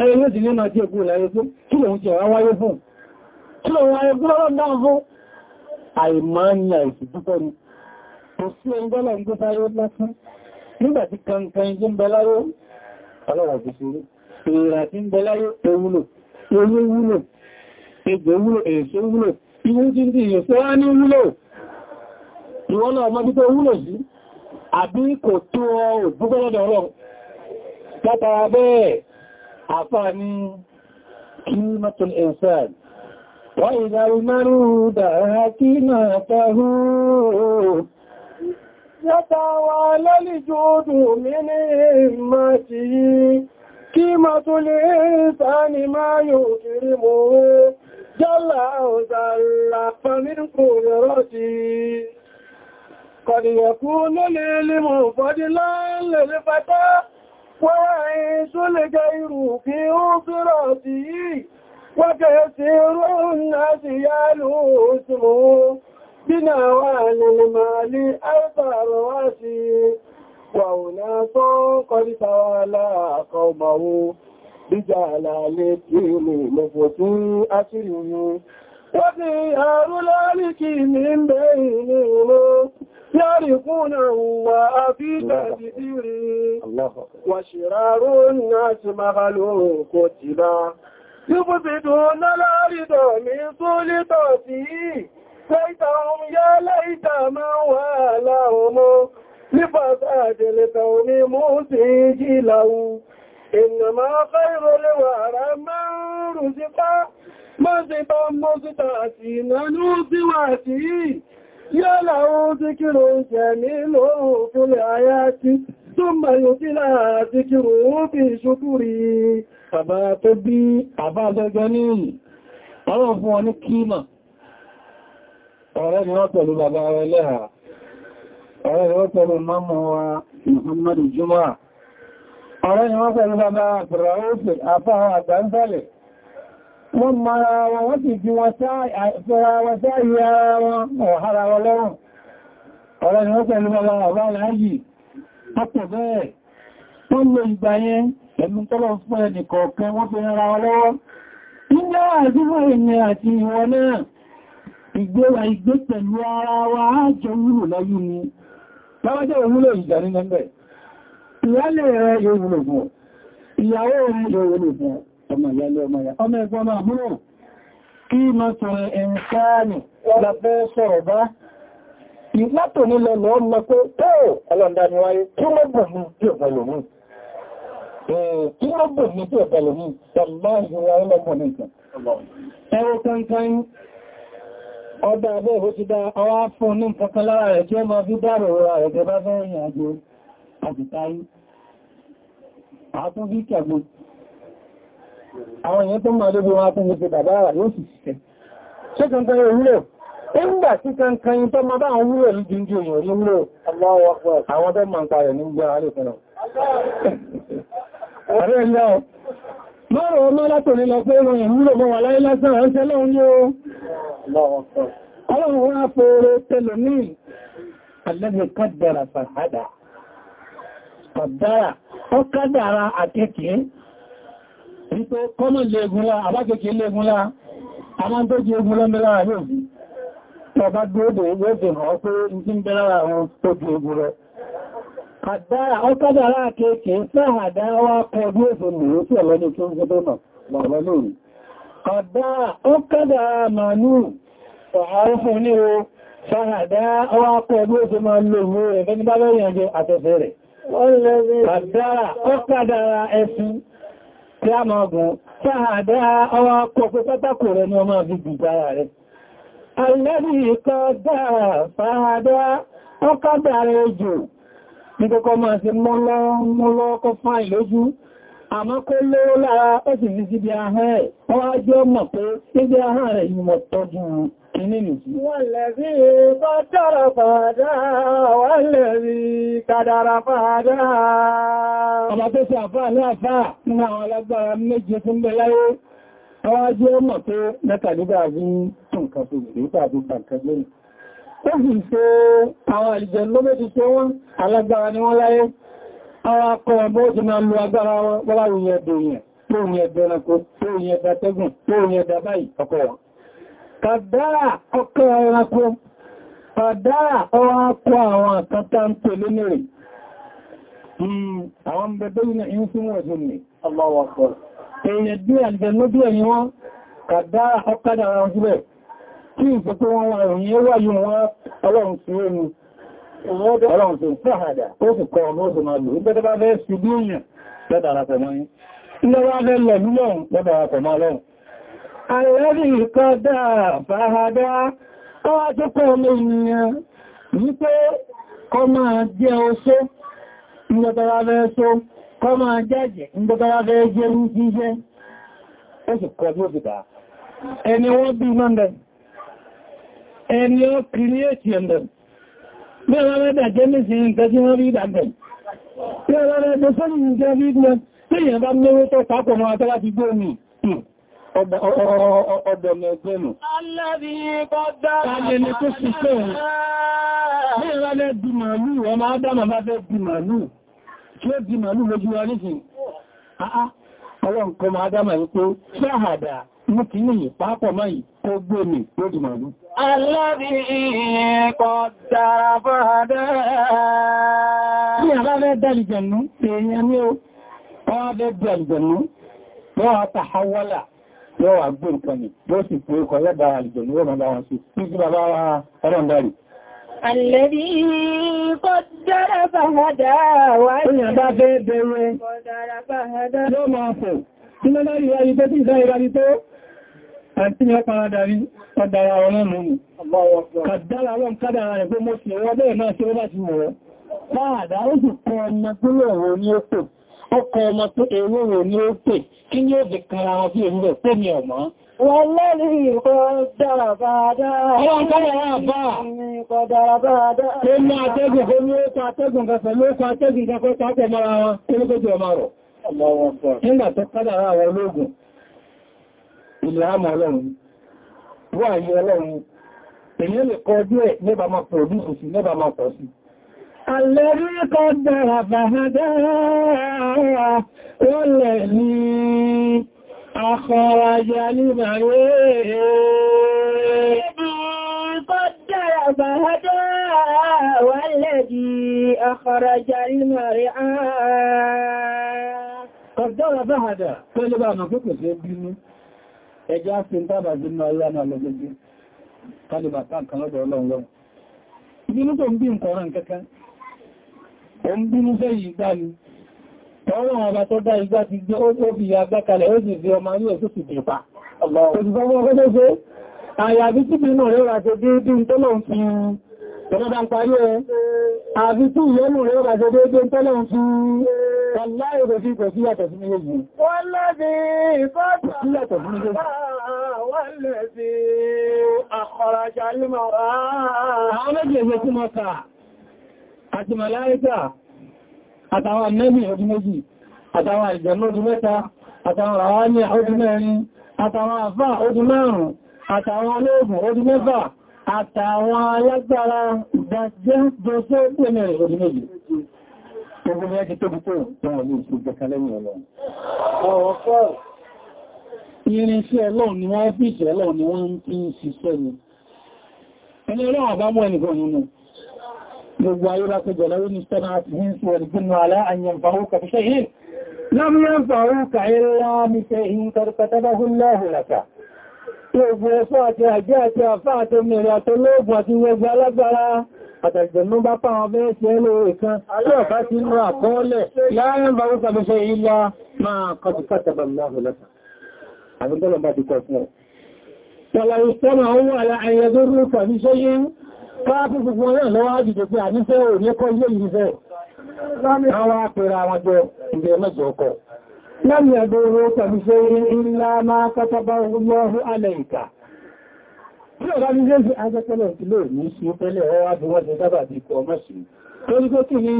ẹ̀rẹ́ yóò ti ní máa jẹ́ òkúrò láyé fún kí lòun ti ọ̀rá wáyé fún kí lòun wáyé fún lọ́rọ̀ náà fún àìmá ní àìsì púpọ̀ ni kò sí ẹni dọ́là ń gbé sáré lásán nígbàtí kankan jẹ́ ń bẹ̀láyé ọlọ́rọ̀ ti ṣe èrà tí ń bẹ̀láyé ewúlò ewé wúlò ejò wúlò èso wúlò inú àfáà ní kílmọ̀tún ẹ̀sàn wọ́n ìdárí márùn-ún dára kí náà tẹ́rù yàtàwà lọ́lìjú ọdún mi ní ìmọ̀ tí kí mọ̀ tún lè sáàni máa wenyị tụliga iru ka ịhụ trutiyi nweketi rụọ nna zi ya t dianwanị ali arụtati gaatọ laodia arụla riki aehino يعرفونه وأبي تذكيري وشرار الناس مغلوق اتباع يبذدون الأرض من سلطته ليتهم يا ليت من والاهم لفساد الكون مزيج له إنما خير الورى من رزق مزبا مزتاسين نوزواته yóò láwọn díkìrò jẹ nílò òfúnlẹ̀ ayá tí tó ń bá yóò tí láà díkìrò ó fi ṣokúrí bàbá tó bí bàbá gẹ́gẹ́ ní ìlú ọlọ́run fún wọn ní kíma ọ̀rẹ́ ni wọ́n pẹ̀lú bàbá rẹ̀ lẹ́hà ọ̀rẹ́ ni wọ́n wọ́n mara wọn wọ́n sì fi wọn sáàrí ara wọn ọ̀hára wọn lọ́rùn ọ̀rọ̀ ni wọ́n pẹ̀lú ọlá ọ̀rọ̀ aláyì pọ̀pọ̀ bẹ́ẹ̀ tó lọ ìgbà yẹn ẹ̀mí tọ́lọ fún ẹni kọ̀ọ̀kan wọ́n fi ara wọn lọ́wọ́ nígbà àdúgbò ẹni àti ìwọ náà ìgbéra ìgbé pẹ̀lú ara wa ájọ wúlò láyé ni láwájẹ́ ìyàwó rẹ̀ yóò wúlò ọmọ ìyálé ọmọ ìyá ọmọ ẹ̀gbọ́n máa múrò kí mọ́ tó ẹ̀ǹkáàni lábẹ́ sọ̀rọ̀ bá ìlátò nílọ lọ mọ́ pé tó ọlọ́ndani wáyé kí mọ́ bọ̀ ní bí ọ̀gá lòmí kí mọ́ bọ̀ ní bí ọ̀gá lòmí ọdá abẹ́ ìwò ti dá ọwá fún ní nǹkan lára rẹ̀ tí ó máa fi dárò ra rẹ̀ jẹba fẹ́ ìrìn àjò àti táyé àtúnbí kẹgbogbo àwọn èèyàn tó máa lóbi wọn fún gbogbo bàbá rà yóò sì ṣiṣẹ́ ṣé kankan ìwúlò nígbà tí kankan tó máa bá àwọn wúlò ní jíjí òyìn orí múlò àwọn tó máa ń parẹ̀ ní gbára lè fún Mọ́rọ̀ ọmọ látòrí lọ pé ìròyìn múlò mọ́ wà láyé lásán ránṣẹ́ lọ́wọ́ ní o. Ọlọ́run wá wípé kọ́mọ̀ lè egunlá àbákẹ́kẹ́ lè egunlá a máa ń tó jẹ egun lọ́mẹ́lá rẹ̀ ọba gbóòdò ìwọ́fẹ́ hàn pé ní bẹ́lára àwọn tó jẹ egun rẹ̀ àdára ọkọ́dára kéèkéé sáàdá wá kọ bí èsè mìí sí ọ̀lọ́ni tó ń gbọ́dọ̀ náà wà lórí àdára ọkọ́dára màánú ọ̀hárún fún ní o sáàdá wá kọ bí èsè máa lòmú ẹ̀fẹ́ ní bá lọ́yìn àjẹ́ àtẹ́fẹ́ rẹ̀ àdára ọkọ́dára ẹ̀sìn kí a máa gùn sáàdá ọwọ́ kò pé pátákò rẹ ni ọmọ bí gbìgbára rẹ̀ alẹ́bí ikọ́ dára sáàdá ọkọ̀ dára ejò ní kọ́kọ́ àmọ́ kó lówó lára ó sì ní síbi ahọ́n ẹ̀ wọ́n á jọ mọ̀ pé síbi ahọ́n rẹ̀ yìí mọ̀ tọ́jú kìíní nìsí. Wọ́n lẹ̀bí bá dára fàádá, wọ́n lẹ̀bí kàdára fàádá. Ọmọ tó sọ àfáà ní àfáà nínú àwọn alágbára méje Ó sì ṣe àwọn àlìjẹ̀ lómẹ́dì tó wọ́n alágbára ni wọ́n láyé ara kọ́ ọmọ ó ti máa lo agbára wọn wọ́láwùn ẹ̀dọ̀ yẹn tó ní ẹ̀dọ̀ ẹranko tó ní ẹ̀dọ̀ tẹ́gùn tó ní ẹ̀dọ̀ báyìí ọkọ̀ wọn kàdára ọkọ̀ ẹranko kàdára ọwá kọ́ àwọn àkátá ń pè lónìí hmm, àwọn Ọlọ́run tó ń pẹ́ àdà, ó sì kọ ọmọ oṣù máa lò, ó gbẹ́ta bá fẹ́ ṣubú èèyàn lọ́dà àrapọ̀ mọ́ yín. Ilé wá fẹ́ lọ lúlọ́run lọ́dà àrapọ̀ mọ́ lọ́run. Àìrẹ́rì kọ́dà fàádá, ọwá tó kọ́ ọmọ ènìyàn wípé kọ máa jẹ́ oṣó, ìgbẹ́tara fẹ́ ṣó, kọ máa jẹ́jẹ̀, ìgbẹ́tara fẹ́ jẹ́ rú jíjẹ́. Ó bí ó Ẹni wọ́n bí mọ́ Bí ọlá mẹ́ta jẹ́ mẹ́sìn nǹkan tí wọ́n rí ìdàgbẹ̀. Bí ọlá mẹ́ta sọ́rọ̀ nǹkan rí ìdàgbẹ̀ tí èèyàn bá mẹ́wé tó pàápọ̀ mọ́ àtọ́lá ti gbó mi. Hmm, ọbẹ̀ mú kí ní ìpápọ̀ máyì tó gbé mi lójú màálù. Alábi kọ̀ dára fọ́dá. Ní ní ó, wọ́n Àlẹ́bí kọ̀ dára fọ́dá wà ní àbábẹ́ bẹ̀rẹ̀. Kọ̀ dára fọ́dá. máa fẹ̀. Tí mẹ́lá ìwà ìtẹ́ sí ìdá ìrà àti ní ọpàá dárí ọdára ọlọ́run mú kàdára ọlọ́run kádàrà rẹ̀ pé mo sì rọ bẹ́ẹ̀ náà ṣe rọ́bá ti wọ̀ fáàdá ó sì kọ ọmọ tó lọ́rọ̀ ní ó pè ọkọ ọmọ tó èrò ní ó pè kí ní ó fi kan ara bí èmi rẹ̀ pé mi ọ̀mọ́ Wọ́n lẹ́rí ìkọ̀dára bàádáa. Ọlọ́run kọ́dàrà ilẹ̀ àmà ọlọ́run wà ayé ọlọ́run èyàn lè kọ díẹ̀ nẹ́bà máa pọ̀ ní òsì nẹ́bà máa pọ̀ sí alẹ́rí kọ́ dára bàhádá rọ́lẹ̀ ní akọwàjá ní màáyé Akọ̀rọ̀jà ìmọ̀rí hàdà pẹ́lú bá ọ̀nà pípẹ̀ sí ẹbí ní ẹjọ́ sí ń tábà gbínú ayé àmà lọ́gbẹ́gbẹ́ kálùbà táǹkan lọ́dọ̀ ọlọ́run lọ́wọ́ ìbínú tó ń bí nǹkan ọ̀rán kẹ́kẹ́ o ń bínú fẹ́ yìí gbá ni ọwọ́ ọba tó dá igbá ti gbé ó fi agbá kalẹ̀ ó sì fi ọmọ ayé ẹ̀ tó sì dìpa àyàbí tí bínú rẹ̀ rà ṣe déédé tọ́lọ̀ ń fi tọ́lọ̀ ń parí ẹ àbí tí ìyẹ́nù rẹ̀ rà ṣe déédé tọ́lọ̀ ń fi Wàláyé kò sí kò sí yàtọ̀ sí méjèèjì. Wọ́lẹ́bí fọ́tà yàtọ̀ sí méjèèjì. Wọ́lẹ́bí àkọ̀rọ̀jà límọ̀ wá. Àwọn méjèèjì tí mọ́ kà àti màláíkà àtàwọn annabi ọdún méjì, àtàwọn àlùjànnú olóògùn ọdún mẹ́fà, àtàwọn alágbára ìdájẹ́ jọ sí ó pè mẹ́rin ọdún méjì. Gbogbo ni ẹjẹ́ tóbi tó tán ní ìṣẹ́ ìjẹka lẹ́yìn ọlọ́run. Irinṣẹ́ ọlọ́run wọ́n fi ìṣẹ́ ọlọ́run wọ́n ń fi ṣe yìí. Gbogbo ẹ̀fọ́ àti àjẹ́ àti àfáà tó mẹ́rin àtọlóògùn àti gbogbo alágbára àtàjẹ̀mú bá pàwọn bẹ́ẹ̀ tí ẹ lóòrè kan aláàbá ti ń ra àkọọ́lẹ̀ láàrin bá ó sàbẹ́fẹ́ ilá máa kọtùkátàbà bá ti kọ fún Àwọn apẹ̀rẹ̀ àwọn tí ọ̀rá ní jésù ajẹ́pẹ́lẹ̀ ìlò ní sí ó fẹ́lẹ̀ ọwá bí wọ́n ṣe dábà bí kọ mẹ́sì torí pé kí ni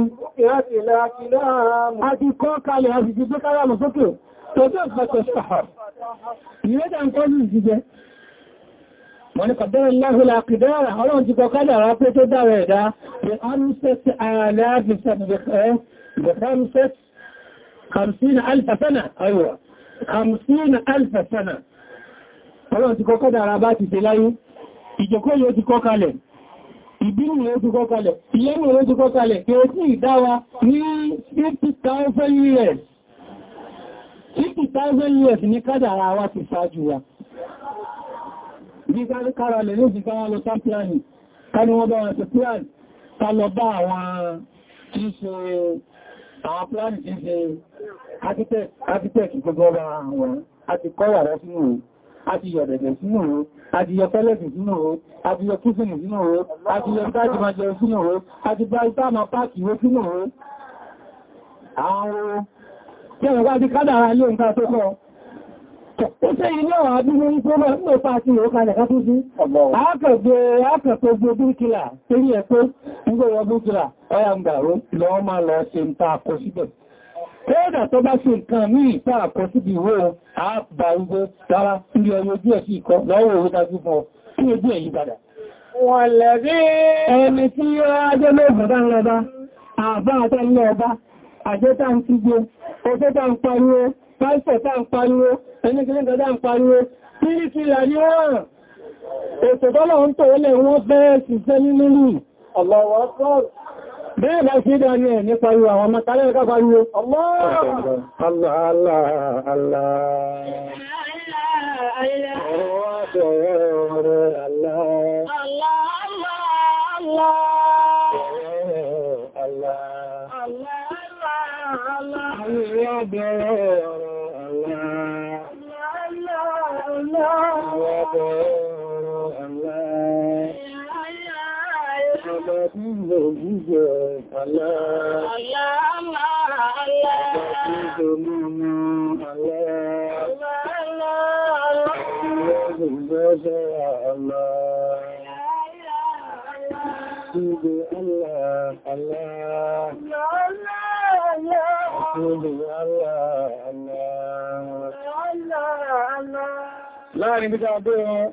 àti kọ́ kalẹ̀ àti ti gbé kára lọ sókè tó jẹ́ ìfẹ́kọ̀ sàhàr ìrẹ́dà ń kọ́ ní ìjíjẹ́ wọ́n ni kọ̀dẹ́rẹ̀ láhùlà kìdára ọlọ́run ti kọ kádàrá pé tó dára ẹ̀dá the armistice ààrẹ àgbìsàn ìgbẹ̀kẹ́ 50,000 sana aywa 50,000 sana ọlọ́run ti kọ ìjòkó yóò ti kọ́ kalẹ̀ ìbínú yóò ti kọ́ kalẹ̀ ìyẹ́mù yóò ti kọ́ kalẹ̀ kí o sí ìdáwa ní 50,000 years 50,000 years ní kádàrà wa ti ṣáájú wa ní kára lè ló ti kára lọ sápíánì kánú wọ́n bá wọn ti píánì ká lọ bá àwọn tí ṣe àwọn gbogbo ọba àwọn àti kọ́ yàrá sínú rẹ̀ àti yọ̀dẹ̀dẹ̀ sínú o àti yọ pẹ́lẹ̀sì sínú o àti yọ kífìnì sínú o àti yọ tájì máa jẹun sínú o àti bá ipá máa páàkì ìwé sínú o àwọn tí ẹ̀rọ bá ti kádàrà ilé nǹkan tó kọ́ ó ṣe ilé ọ̀rọ̀ abúrú ní tó máa ń pè fáàkì ìwé kalẹ̀ ká tó sí àákàgbé àákàgbé bíríkìlà torí ẹ̀ pé ń gbé wọ bíríkìlà ọ̀yà ń gbà lọ́wọ́ Tẹ́ẹ̀dà tó bá ṣe nǹkan ní ìta àkọ́ síbi ìwé àbà ìwé tara ní ọmọ ojú ẹ̀sí ìkọ́ lọ́wọ́ orí dájú fún ọ tí ojú ẹ̀yí padà. Wọ́n lẹ́rí ẹni tí ó rájẹ́ lóògbọ̀dá lọ́ba, àbá àtẹ́lẹ́ ọba, àjẹ́ta ń ti gbé, òṣẹ́ta ń pariwo, pásítọ̀ta ń pariwo, ẹnikẹ́lẹ́gbẹ̀dá ń pariwo, píríkìlà Bẹ́ẹ̀ bá sí dáni ẹ̀ ní pariwo àwọn mọ́tàlẹ́ ẹ̀ká pariwo, Allah! Allah! Allah! Allah! Allah! Allah! Allah! Allah! تحل بها فلا الله الله الله الله الله الله الله الله láàrin bí dáadé wọn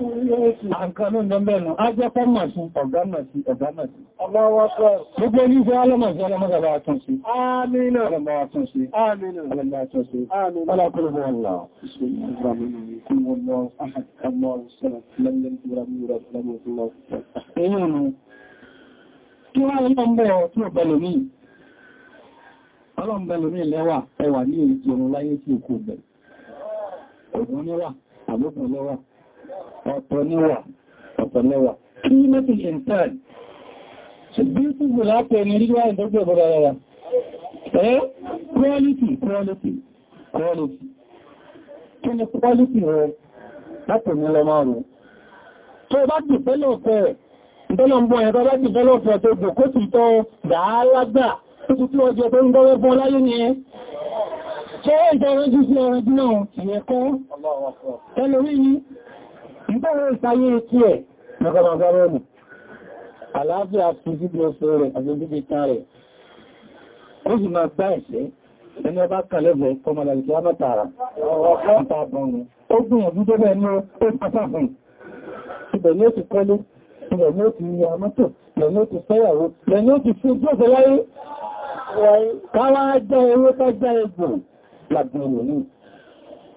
Àǹkan náà dán bẹ́ẹ̀ náà, a jẹ́ kọ́ mà sí, ọ̀gá mà sí, ọ̀gá mà sí. Gbogbo ní fẹ́ alọ́mà sí ọlọ́mọ́gbà bá tún sí. Àmìnà. Ọlọ́mà tún sí. Àmìnà. Ọlọ́mà tún sí. Àmìnà. Ọlọ́kùnrin Allah. Kí wọ́n lọ́mbẹ̀ ọ̀ tí ò bẹ̀lẹ̀ ní? Ọlọ́mbẹ̀lẹ̀ ní lẹ́wà ẹwà ní èyí tí òun láyé tí ò kò àbúkùn lẹ́wà ọ̀tọ̀ níwà ọ̀tọ̀ níwà kí mẹ́tù ìntàn ṣe bí tí gbò lápẹ̀ ní ríwá ìdọ́gbẹ̀ bọ̀rọ̀ rárá ẹ́ quality quality quality kí ni quality rẹ̀ lápẹ̀ ní lọ márùn tó bá jù pẹ́lọ̀ pẹ́ ìtọ́lọ̀mbọ̀ ẹ̀ tó bá jù pẹ́lọ̀ pẹ́ tó gbò kó tù tọ́ dáalágbà tó tù tí ọjọ́ tó ń gbọ́wẹ́ fún láyé ni ẹ́ ṣe ìjọ rẹ̀ sí ọ̀rẹ́ náà ìyẹ̀kọ́ ẹlòrí ni ìgbẹ̀rẹ̀ ìsáyé ikú ẹ̀ mọ́kànlọ́gbọ́rọ̀nù àlàáfíà fún síbi ọ̀sọ̀ rẹ̀ àti bíbi kan rẹ̀ ó sì máa gbá ẹ̀ṣẹ́ ẹni ọba kàlẹ́bẹ̀ kọmọlẹ̀lẹ̀ àmọ́tàrà ó gbìyànjú tó bẹ́ẹ̀ ní ó pàtà fún ibẹ̀ ni ó ti kọ́lé ibẹ̀ ni ó ti yẹ àmọ́tò lẹ́ni ó ti fẹ́yàwó lẹ́ni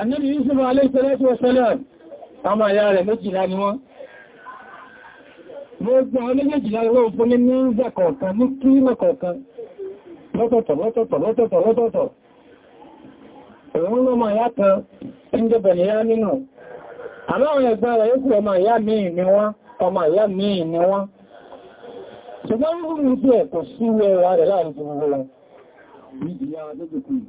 Ànábì Yusuf aléìsẹ́lẹ́tí wọ́sẹ́lẹ́m, àmà ìyá rẹ̀ méjìlá ni wọ́n. Gbogbo àwọn méjìlá lọ́wọ́ fún ní ní ìzẹ̀ kọ̀ọ̀kan kan ni wọ́n, ọmọ ìyá míì ni wọ́n. Ṣùgbọ́n wọ́n mú sí ẹ̀kọ̀ sí ẹwà rẹ̀ láàrin gbogbo wọn. na àdójòkú yìí.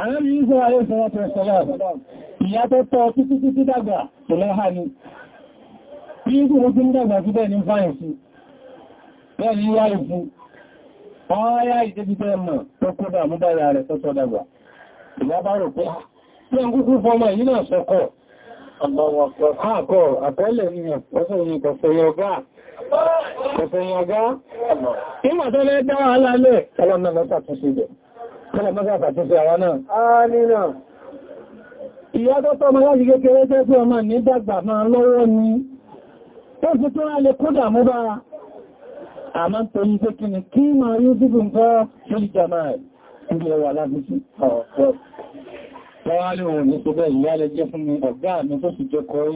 Ànábì Ìsá ayé sọ́wọ́tọ̀ sọ́lọ́m, ìyá tó tọ́ títí títí dàgbà tó lọ́ha ni. Bí i kúrò tí ń dàgbà sí bẹ́ẹ̀ ní ń kúkú fọmọ yìí náà sọ́kọ̀, àkọ́ àkọ́lẹ̀ ni ọ̀sọ̀ tó lẹ́ dáwà alálẹ̀, ọlọ́nà lọ́sà tún sí bẹ̀ kọ́nà mọ́sá àtàtúnṣe àwa náà nínà ìyá tó tọ́ ọmọ láti kékeré jẹ́ pé ọmọ ní dàgbà máa lọ́wọ́ ni tó sì tó rá lè kódà mú bá àmá ń torí pé kí ni kí máa yóò dìbò nǹkan tó lè jà máa ìlú ẹwà lágbìsí ọ̀pọ̀ lọ́wọ́lẹ́ òun ní tó bẹ́ẹ̀ ìyálẹ́ jẹ́ fún mi ọ̀gá mi tó wà lọ́wọ́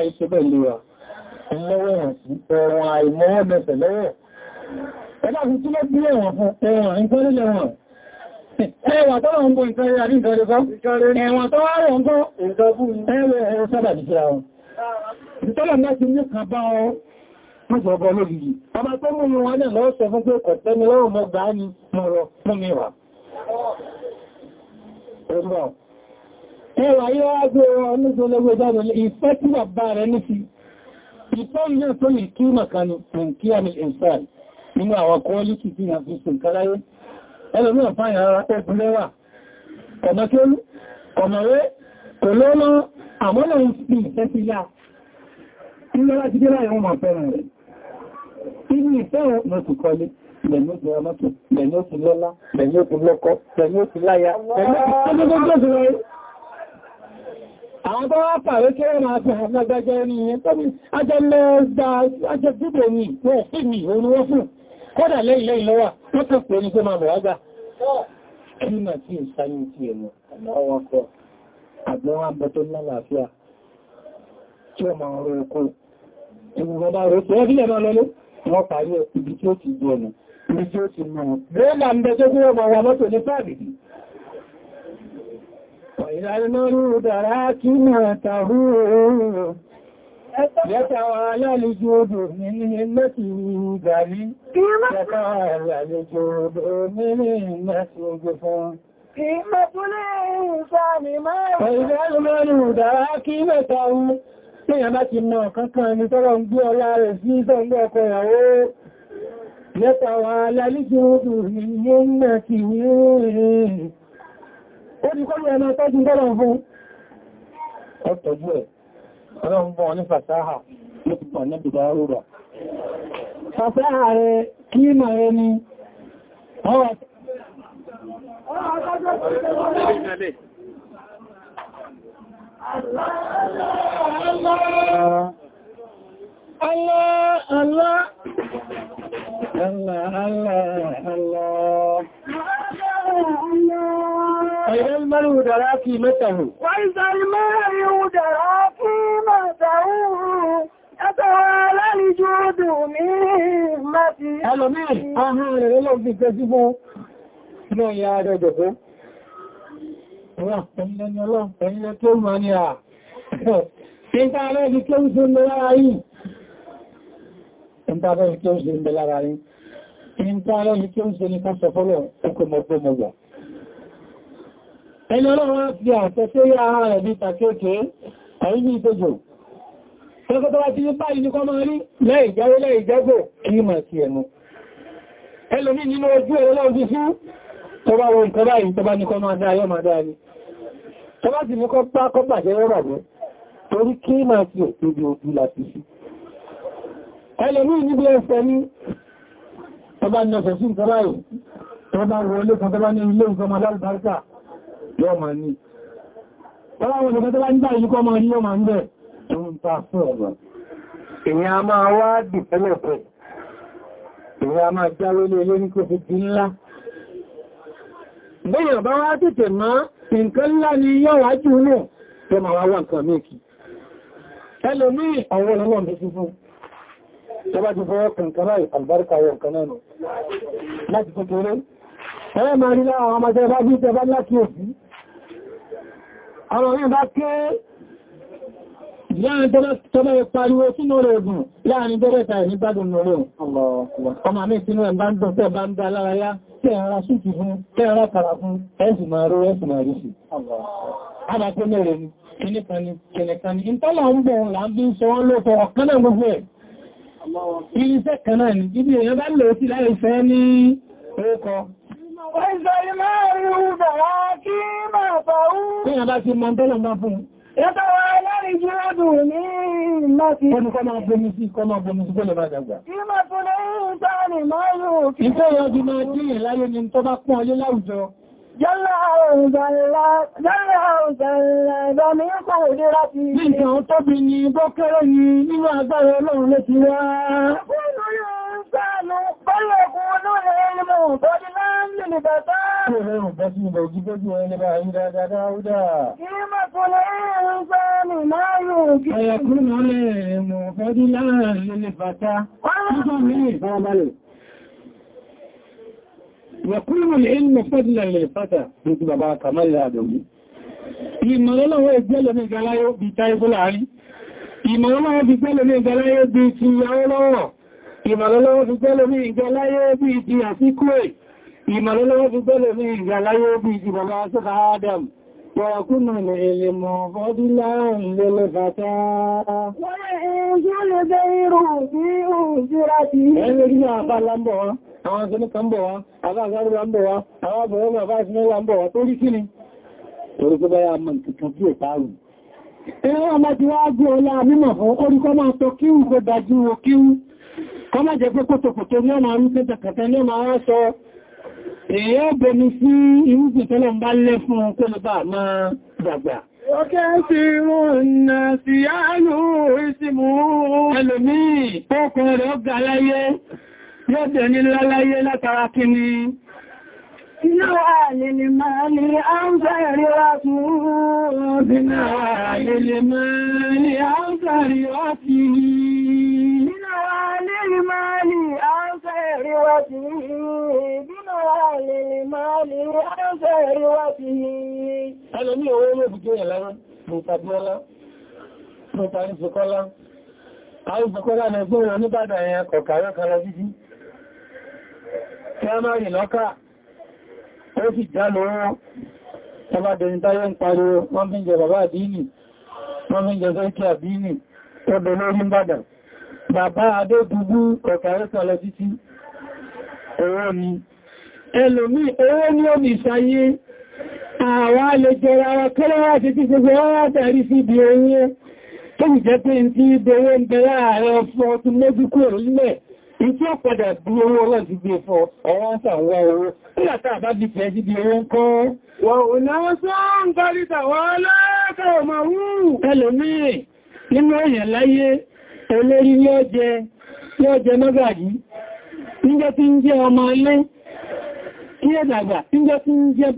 ẹ̀sìn ọ̀rọ̀ àìmọ́wọ́ ẹ̀dá fi tí ló bí ẹ̀wọ̀n fún ẹ̀wọ̀n ìkọ́lẹ̀ ẹ̀wọ̀n ẹ̀wọ̀n tó lọ́wọ́n bó ìkọ́lẹ̀ àrí ìkọ́lẹ̀ ẹ̀wọ̀n tó wá rẹ̀ ẹ̀wọ̀n sábà jù síra wọn wọn náà lọ́wọ́ ní mọ́rọ̀ mú mi wà tó ní kí àmì ìsáì nínú àwọn kọ́ọ̀lìkì tí a fi ṣe ìkàláyé ẹlòmí ọ̀fáyà ara ẹgbùlẹ́wà ọ̀mọ̀kẹ́lú ọ̀mọ̀wé olóòlọ́ àmọ́lọ̀ ìsìn ìfẹ́ sí yá ilé láti dé láyé wọn mọ̀ fẹ́ràn rẹ̀ inú ìfẹ́ ló ti kọlé lẹ́yìn ó ti ra mọ́tò lẹ́yìn ó ti lọ́lá lẹ́yìn ó ti lọ́kọ lẹ́yìn ó ti láyá àwọn tó wá pàwé kí wọ́n máa fi àgbàgbà jẹ́ ní ẹ̀kọ́ mi ajẹ́lẹ́gbà ajẹ́gbùgbò mi wọ́n fún mi òun wọ́n fún kọ́dà lẹ́yìn lẹ́yìn lọ́wà wọ́n tàn pé máa bọ̀ wágbà tí è sáyé tí ẹ̀mọ̀ àwọ́wọ́kọ́ àgbọ́n abẹ́tọ́ lálàáfíà tí ọmọ ọ̀rọ̀ ẹ̀kọ́ ìwọ̀n Yẹ́ta alálejò odò ní ilẹ́kì ìgbàlí, yẹ́ta alálejò odò ní ilẹ́kì ogbò fún. Ìmẹ̀túlé ìsáàmì mẹ́rin. Ẹ̀yìn alùmọ́rin ìdára kí mẹ́ta ohun tí èyàn bá ti ní tọ́rọ ń gbé ọlá rẹ̀ sí ìtọ́gbé ọkọ̀ ìyàwó. Yẹ́ta alálejò odò ní Allah Allah Allah Allah Allah ti pọ̀ nẹ́bì Allah, Allah, Allah, Allah, Allah. خير المال ودراكي مته وإذا المال Ẹlòmí, ahán rẹ̀ lọ́wọ́ fi tẹ́ sí fún ní ọ̀yà rẹ̀ jọ̀kó. Ọ̀rọ̀ ẹ̀lẹ́ ni ọlọ́run, ẹ̀lẹ́ tó mọ̀ ní à. Ìta rẹ̀ di kí ó ṣe ń bẹ lára yìí. Ìta rẹ̀ di kí ó ṣe ń bẹ lára yìí. Ìta rẹ̀ di kí tọ́lọ́kọ́tọ́wà tí ó báyìí ní kọmọ rí lẹ́ìjáwó lẹ́ìjágbò kí mọ̀ sí ẹnu ẹlòmí nínú ojú ẹ̀rọ lọ́ọ̀dí sí tọba wọn nǹkan báyìí tọba ní kọmọ adá yọ́ máa dáa ní tọba sì ní kọ́ pá kọ́pà jẹ́ rọ́rà mẹ́ torí kí mọ̀ sí òkèdè ojú láti sí ẹlòmí níbi ẹsẹ̀ ní tọba nọ̀sẹ̀ sí nǹkan báyìí tọba wọlé kan tọba ní ilé nǹkan máa lálùbáríkà yọ́ máa ní tọba wọn nǹkan tọba nígbà ìlú kọ́ máa rí yọ́ máa ń bẹ̀rẹ̀ tó ń bá fún ọ̀nà èyàn a máa wá dì pẹ́lẹ̀pẹ́ èyàn a máa jáwé lé ilé ní kò fi di ńlá bẹ́yàn bá wá tètè má nǹkan ńlá ni yọ́wà jù náà tó máa wá nǹkan méèkì ẹlòmí ọwọ́ lọ́wọ́ mi fífún tó bá ti fọwọ́ kankan láì àlùbáríkà wọ nǹkan náà láti kékeré ẹ̀rẹ́ máa rí láwọn ọmọdé bá bí tẹ bá láti òfin àwọn yìí bá láàrin tọ́lá ìpariwo sínú rẹ̀ gùn láàrin dẹ́rẹ́ta ẹ̀ nígbàdùn lọ́rọ̀ ọmọ mi sínú bá ń dọ́ tẹ́ bá ń ni kìnìkan ni kìnìkan ni ìtọ́lá ń bọ̀ là ń bí ń sọ wọ́n lóòtọ́ ọ̀kan náà gbogbo ẹ̀ irinṣẹ́ kan náà ni ibi èèyàn bá lò sí láì fẹ́ ní orúkọ Ìjọ ilé ìrúbọ̀ wá kí máa bá wú. Bí ìyàn bá ti mọ̀ tọ́lọ̀ máa fún un, Yẹ́tọ̀wọ̀ ẹlẹ́rìí jílọ́dù ní ìmọ̀sí. Kọ́nukọ́ máa bomi sí, kọ́ máa bomi sí kó lè bá dàgbà. Ìmọ̀ tó lè ń tọ́ ni máa yóò kí. Ìfẹ́ yọ́ di máa dín ìláyé ni tó bá pọ́n ọlé láwùjọ. Jalla ọ̀zànlẹ̀dọ́ ní kọ̀wò dé láti ìgbìyàn tó tóbi ní bọ́kẹ́rẹ́ ní nínú agbára ọlọ́run ló ti wá. Fúnnú yóò ń sáàlù pẹ́lẹ̀ kún lórí ẹlẹ́mọ̀ bọ́dí láńlẹ̀ nìbàtá. Ẹ̀rẹ́ ò bẹ́ sí ìbẹ̀ òjígbẹ́jú ẹlẹ́bà ìdá dáadáa. Ìmọ̀ tó lẹ́rẹ́ ń sáàlù náà yóò kí. Ẹ̀yẹ̀kún lórí ẹlẹ́mọ̀ bọ́dí láńlẹ̀ nìbàtá. Wọ́n يكون العلم فضلا للفتى nítorí bàbá kàmàlì àdọ̀gbé ìmọ̀lọ́lọ́wọ́ ìgbẹ́lẹ̀ ní ìgbẹ́láyé bí táìbó láàrin ìmọ̀lọ́lọ́wọ́ bí gbẹ́lẹ̀ ní ìgbẹ́láyé bí ti yàwó lọ́wọ́ ìmọ̀lọ́lọ́wọ́ bí gbẹ́lẹ̀ ní ìgbẹ́láyé bí ti àsìkò ẹ̀ ìmọ̀lọ́lọ́wọ́ bí gbẹ́lẹ̀ ní ìgbẹ́láyé bí ti bàbá sọ́dá Adam ويكون العلم فضلا للفتاة ويعيش البير في أسرته àwọn agbẹ́nìkan bọ̀ wá aláàgbà ń bọ̀ wá àwọn abọ̀wọ́gbà bá ìsinmi wà ń bọ̀ wá tó rí kí ni torí pé báyá mọ̀ nǹkan bí ìparù ẹ̀rọ ọmọdé wá gbé ọlá mímọ̀ fún oríkọ́ máa tọ kíhù kó dájú wo kíhù kọ́ máa jẹ́ pé kòtòkòtò ní ọmọ arúgbó kẹtàkẹtà ní ọmọ ará sọ èèyàn bẹni sí irúgbìn tọ́lọ̀ ń bá lẹ́ fún kó lè bá máa dàgbà Ọkẹ́ sí rúnnà sí àánú ìsìmú ẹlòmí pókùn rẹ̀ ó gà láyé yóò jẹ ní láláyé látara kí ni Iná àlèlè máa lè á ń fẹ́rí wá fún Iná àlèlè máa lè á ń fẹ́rí wá sí Iná àlèlè máa lè á ń fẹ́rí wá sí Iná àlèlè máa lè á ń fẹ́rí wá sí Ẹlòmí owó ló fi kéyàn lára, mo tàbí ọlá, mo tàbí ṣokọ́lá. Àwọn ìṣokọ́lá náà gbọ́rọ̀ oníbàdàn ẹ̀yàn kọ̀kàrẹ́ kan lọ títí kẹ́mẹ́rin lọ́kà ó sì já lọ́wọ́ tọba dẹ̀ntáyé ń pariwo wọ́n fi ń jẹ bàbá àdínì wọ́n fi ń jẹ sẹ́kì àdínì tó bẹ lórí ń bàdà bàbá adédúgbú ọ̀kàrẹ́sàn lọ títí owó ni ẹlòmí owó ni ó ní ìṣayé àwa lè jẹra wa kọ́lọ́wà Ìtí ó padà bí owó ọlọ́ ti gbé fún ọwọ́ sàwọ́ owó, nígbàtà bá bí fẹ́ sí bí owó ń kọ́. Wà ò náà sọ́n kọ́rítà wà lẹ́ẹ̀kọ́ ọmọ rú. Ẹlòmíì nínú èèyàn láyé, olórí lọ́jẹ mọ́gàjí, níjẹ́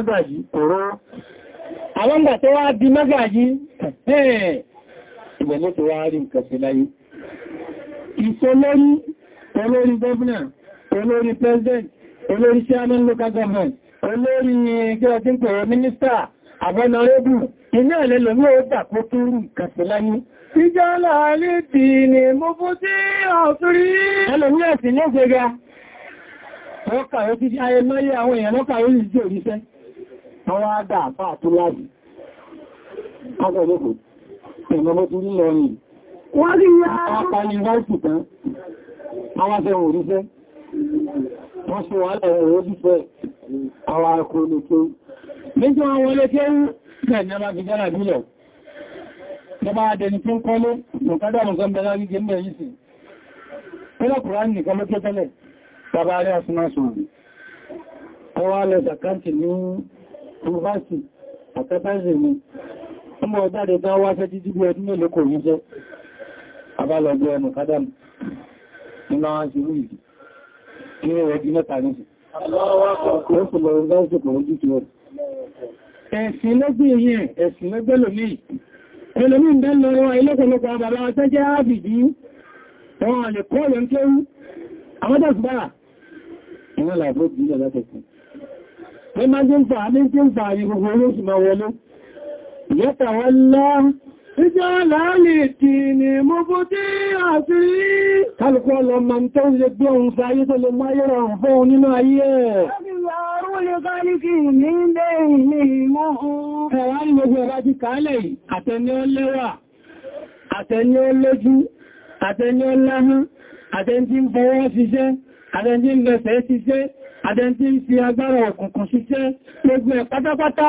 baalele. àwọn ìgbà tó wá di mẹ́gbà yìí ìgbẹ̀mọ́ tó wá rí nǹkan sí láyé ìṣolórí olórí gọ́ọ̀nà olórí president olórí chairman local government olórí ẹgbẹ́ tí ń pẹ̀rọ mínísítà àbọ́nàrébù iná ẹ̀lẹ́lọ ní ó gbà kó tó rí nǹkan sí láyé ìjọ́ láàrín dì ní mú fún sí ọ̀túrí ẹlòmí ẹ̀sìn ní ògbéga wọ́n kàwé wọ́n agba dà fáà tó láàbì kọ́kọ̀lẹ́kò tẹ̀mọ́ bó ti rí lọ ní wọ́n rí apá ní ráìsì tán àwọn afẹ́hùn oríṣẹ́ wọ́n ṣe wà lẹ́rẹ̀ oríṣẹ́ àwọn akọ olóko méjì wọn wọlé tí ọwọ́ alẹ́ zakanti ní yunifásitì àtẹ́fẹ́sì ni ọmọ ọ̀dáde tán wá fẹ́ títí bí ọdún mélòó kò yíṣẹ́ abálọ́gbọ́ ẹnu kádàmù nígbà wọ́n ti wíìdì kí ó rẹ̀ di mẹ́ta níṣì ẹ̀sìn lẹ́gbẹ̀ yìí ẹ̀sìn lẹ́gbẹ̀ lòmí ẹlòmí ń bẹ́ lọ́rọ̀ ilẹ́kọ̀ọ́lọ́pọ̀ bàbá wọn tẹ́jẹ́ ààbìdí wọn lè kọ́ lọ ń kéwú àwọn tẹ́sùbára ìwọ́n làbó bí i lọ́tẹ̀kùn ní máa jẹ́ ń fà ní tí ń fà ní gbogbo olóṣù máa wọlé yẹ́ta wọ́n lá ìjọ́ láàrín ìtì ní mọ́bú tí a ti rí kálùkù ọlọ́mà tó ń lè gbé ohun sáyé tó lè máa yẹ́ra ọ̀rùn fún nínú ayé ẹ̀ Àtẹni ọlọ́hún, àtẹni tí ń fọwọ́ ṣiṣẹ́, àtẹni tí àdẹ́ntí ń fi agbára ọ̀kùnkùn ṣiṣẹ́ gbogbo ẹ̀ pátápátá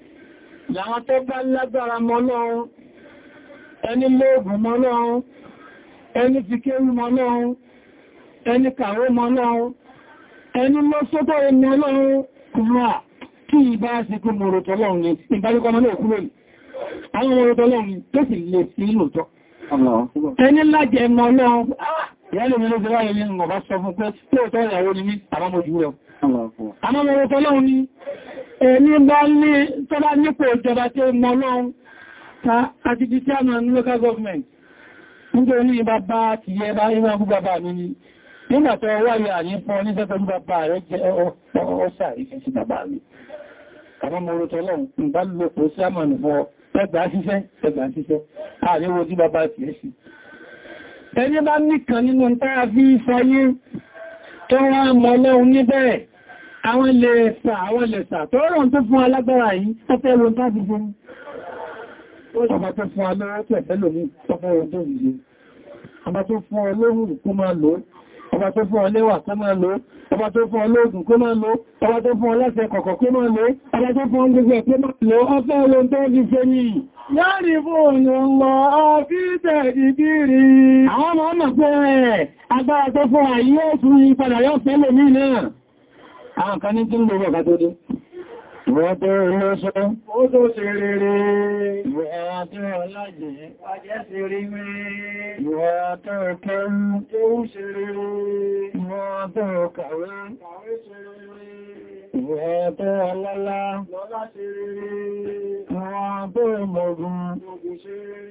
láwọn tó bá lágbára mọ́lọ́run ẹni lóògùn mọ́lọ́run ẹni ti kéwú mọ́lọ́run ẹni kàwé mọ́lọ́run ẹni lọ́sọ́tọ̀ ẹni ọlọ́run kùnrà kí ìbá sí kú mọ̀rọ̀tọ́lọ́run ni ìbáríkọ́ mọ́lọ́ òkúrò ní àwọn mọ̀rọ̀tọ́lọ́run tó sì lè sí lòtọ́ ẹni lájẹ̀ mọ́lọ́run ah, Àmọ́mọ̀wọ̀ tọ́lọ́run ni, èmi bá ní tọ́lá nípò ìjọba tí ó mọ́ lọ́run ta àjíjì tí a mọ̀ ní local government. Nígbẹ̀ ní ibá bá ti yẹ bá ìwọ̀n gbogbo bàbá mi ni. Nígbà tọ́ wà yà ní fún ní sẹ́tọ̀ ní bàbá rẹ̀ jẹ́ ọ́sà ìfẹ́ sí bàbá mi. Àmọ́mọ̀wọ̀ tọ́lọ́run ń bá lòpò sí àmọ̀ nìfọ́ ẹgbàá ṣiṣẹ́ ẹgbàá ṣiṣẹ́ àríwọ̀ ojú bàbá ti àwọn ilẹ̀ ẹ̀sà àwọn ilẹ̀ ẹ̀sà tó rọ̀ tó fún alágbára yìí tọ́fẹ́ lọ bá gbogbo ọba tó fún alára tó ẹ̀fẹ́ lòmí tọ́fẹ́ lọ tó yìí ọba tó fún ọlọ́run kó máa lò ọba tó fún ọlẹ́wà kó máa lò ọba tó fún ọlọ́gùn kó máa lò ọba tó fún fún gbogbo fún ọlọ́ ọfíìsẹ̀ ìdírí àwọn ọmọ ọmọ pé agbára tó fún àyíyọ́ tún padà yọ́ fẹ́lẹ̀ mí àwọn kan ní tí ń lórí ọ̀gá tó dé Ìwọ́n tó rọ́ṣọ́, ó tó ṣe rere, ìwọ̀n tó ọlájẹ́, wájẹ́ sí rí mi, ìwọ̀n tó kẹrù, tó ṣe rere, ìwọ̀n tó kàwé, kàwé ṣe rere, ìwọ̀n tó ọlọ́lá, lọ́lá ṣe rere, ìwọ̀n tó mọ̀gùn, mọ̀gùn ṣe rere.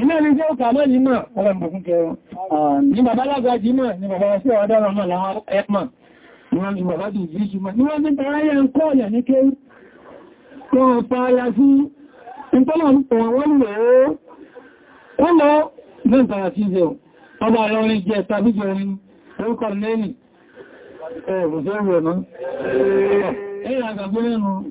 Iná ni jẹ́ òkà mọ́ jímọ̀, ọ̀rọ̀ mọ̀ fún kẹrọ. Ní bàbá lágbà jímọ̀, ní bàbá sí ọ̀dọ́rọ̀ mọ̀ láwọn ẹ̀pọ̀. wọ́n ni bàbá dùn jí jímọ̀. Ní wọ́n ni bàbá yẹ ń kọ́ ọ̀yà ní kéwú. Kọ́ ọ̀pá ń pọ̀ wọ́n lò ó. Wọ́n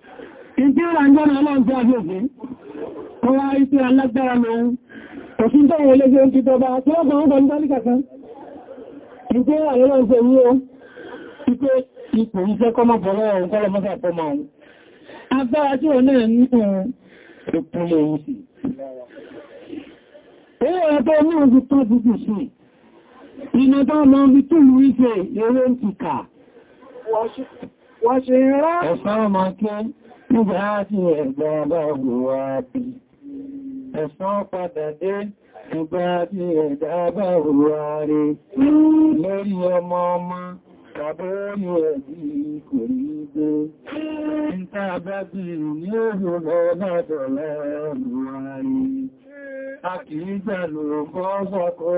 Ìjẹ́ ìrànjọ́nà ọlọ́njẹ́ àjọ́fẹ́, kó wá ìpé alágbára lóhun, kò sí tó wọlé jẹ́ oúnjẹ tọba tí ó gbọ́n gbọ́n gbọ́n kàkán. Ìjẹ́ ìrànjọ́nà ọlọ́njẹ́ ìpé ipò iṣẹ́ kọmọ bọ̀rọ̀ ọ̀rùn kọlọmọ́ sàpọ̀mọ̀ ọ̀rùn. Agbára tí ó náà ní ohun ìpínlẹ̀ ohun sí. ń kìkà. Wọ́n ṣe kí nígbà áti ẹ̀gbọ́n báwò wá bí ẹ̀sán padà dé nígbà áti ẹ̀dá báwò wá rí lórí ọmọ ọmọ tàbí ẹ̀bí kò ní gbé níta bá bí ní òhùn lọ látọ̀ lẹ́rù wá rí a kìí gbà lò kọ́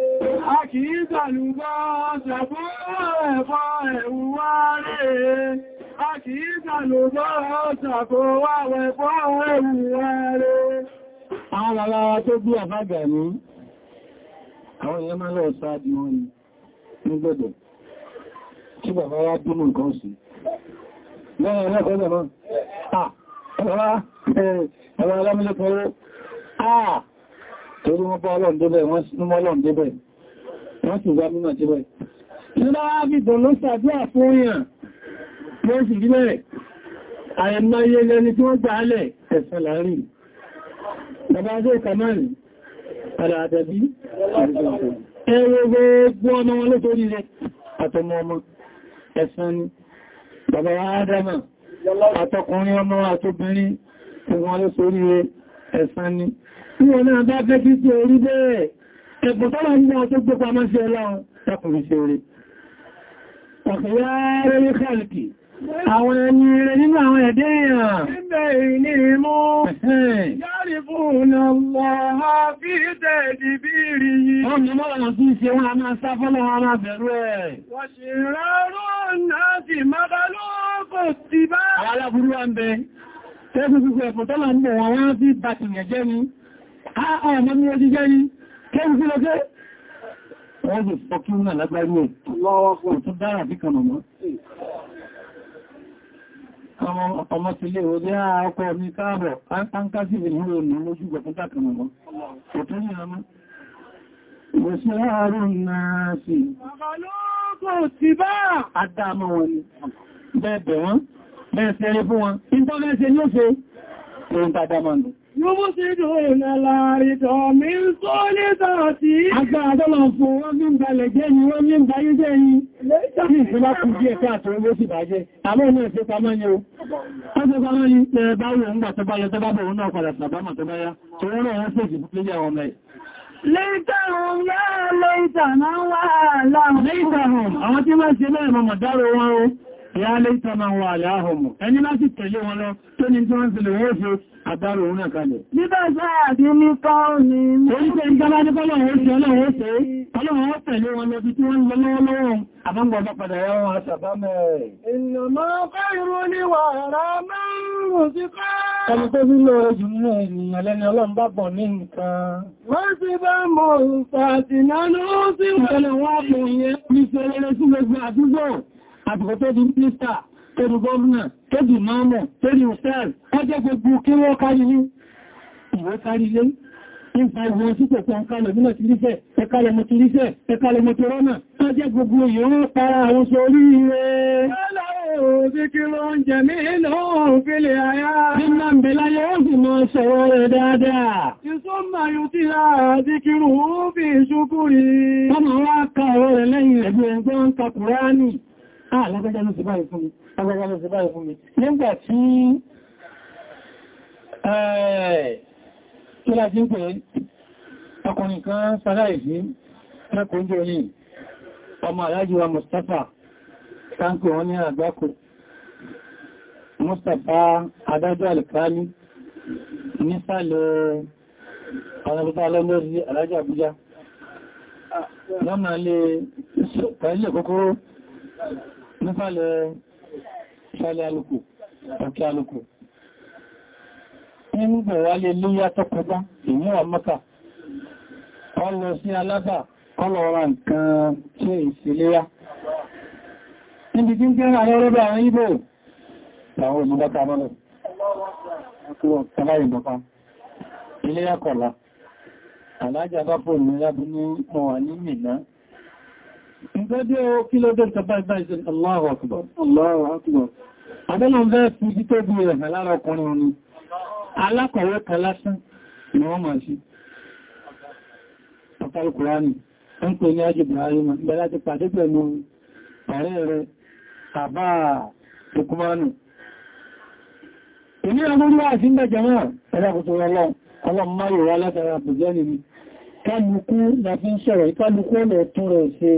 A Àwọn tó bí àfágà ní, àwọn èèyàn máa lọ sáájú wọn ni, ní gbọ́dọ̀. Kí bàbá wa bínú nǹkan sí. Lẹ́yìn ẹlẹ́kọ̀ọ́ lẹ́mọ́. Ah! Ẹ̀rọ alámílẹ́kọ̀ọ́. Ah! Torí wọ́n bá ọlọ́ndébẹ̀, wọ́n súnmọ́ ọlọ́ndébẹ̀ àìmáyé lẹni tí wọ́n gbà alẹ̀ ẹ̀sẹ̀ láàrin bàbá ajé ìkàmàrin àdà àdàbí ẹwọ gbogbo ọmọ wọn lótorí rẹ̀ àtọmọ ọmọ ẹ̀sẹ̀ ni bàbá adama àtọkùnrin ọmọ àtobìnrin wọn lótorí rẹ̀ ẹ̀sẹ̀ ni ẹ̀bùtọ́lá ní ọjọ́ gbogbo ọmọ sí ọlọ́run tàkùnrin sí orí ọ̀fẹ́yà rẹ̀ ní kàlùkì àwọn ẹni rẹ̀ nínú àwọn ẹ̀dẹ́ èèyàn ẹgbẹ́ ìní mú yàrí fún ọlọ́ha bí tẹ́ẹ̀dì bí rí yìí wọ́n ni mọ́rànà tí ń ṣe wọ́n kẹ́yìn lọ́jẹ́ wọ́n lè fọ́ kí wọ́n lágbárí ẹ̀ lọ́wọ́ tó dára bí kan mọ̀ ọmọ ti lè ọdẹ́ ọkọ̀ mi káàbọ̀ áńkásí ìlú ònà lójú gbọ̀fún dákan mọ̀ ọ̀tọ́ ní ọmọ ìwòsí ààrùn náà sí ọmọlọ́pọ̀ ti bá àdámọ́ wọn ni bẹ́ẹ̀ bẹ̀ wọ́n bẹ́ẹ̀ fẹ́rẹ́ fún wọn Yúbúsídùn aláàrídọ̀ mi ń só ní tààtí. Agbáadọ́lọ̀ fún wọ́n ní ìgbàlẹ̀ jẹ́ ni wọ́n ní ìgbàyé jẹ́ yìí. Lẹ́tàrí ìfẹ́lá kù díẹ̀ ẹ̀fẹ́ pamọ́ ni ó. Ọjọ́ pamọ́ ni ẹ̀rẹ̀ bá wọ́n ń àwọn tí wọ́n ṣe lẹ́ẹ̀mọ̀mọ̀ dárò wọn ó ìyálé ìtàmà wà aláhùnmù ẹni láti tẹ̀lé wọn lọ tó ní tí wọ́n ti lè wọ́n fún àgbàrò òun àkàlẹ̀. nígbà sáàdì ní kọ́ọ̀nì oríṣẹ́ ìgbàlá ní kọ́lọ̀wọ́ sí ọlọ́wọ́ sí ọlọ́wọ́ tẹ̀lé wọn lọ bí tí wọ́n lọ lọ́wọ́lọ́wọ́ àbọ́gbọ̀n padà yọ́wọ́n aṣàbámẹ́ ìnàmọ́ kọ́rù níwà rà mẹ́rùn kọ́ ẹni ní nǹkan wọ́n àtìkò tó di mínísítà tó di gọ́ọ̀nà tó di mọ́mọ̀ tó di òṣèl ọjọ́ gbogbo kí wọ́n kárí ní ìwé kárí lé nípa ìwọ̀n sí pẹ̀pọ̀ ọkàlẹ̀ mílẹ̀ ti rífẹ̀ ẹkàlẹ̀ mo ti rífẹ̀ ẹkàlẹ̀ àyá. Nígbà ń bẹ láyé ó sì mọ́ sọ̀rọ̀ rẹ̀ dáadáa. Ìsọ́mà yóò tí láàá ah lágbẹ́já ló sì báyìí fún mi lágbẹ́já ló sì báyìí fún mi nígbà tí eh, tó láti ń pè ọkùnrin kan sáláì sí lẹ́kùn jẹ́ ní ọmọ aláàjì wa Mustapha tánkù wọn ní àgbákò Mustapha adájọ́ alìkálí nísàlẹ̀ ọ̀nàbútà lọ́lọ́rí aláàjì Àbújá lọ́nà lè pẹ̀lú kòkòrò nísàlẹ̀ ìsàlẹ̀ alùkù ọ̀kẹ́ alùkù ní gbogbo wà lè léyà tó kọjá ìmú àmọ́ta ọlọ sí alábà ọlọ́ra nǹkan tí ìsìléyà níbi tí ń gẹ́rẹ́ alẹ́rẹ́bẹ̀ àwọn ibò àwọn òmìnbọ́ta mọ́lẹ̀ Ilé yàkọ̀lá, àlájà bá fò ní lábú ní mọ̀wà ní mìíràn Ìgbẹ́gbẹ́ o kí ló dé Allahu Akbar. Allahu Akbar. Àbẹ́lọ́n bẹ́ẹ̀ fi ibi tó bí rẹ̀ lára ọkùnrin òní. Alákọ̀wé kan lásán ni wọ́n máa ṣe. Ọ̀pá Al-Kùránì, ó ń pè ní Ajé Ibrahim, ìgbẹ́ láti pàdé pẹ̀lú ọ̀rẹ́ rẹ̀, àbá Tukumanu. Èmi àwọn olúwà máa, ẹ̀rẹ́kùtù ọlọ́run, máa yóò wá látara àbùjẹ́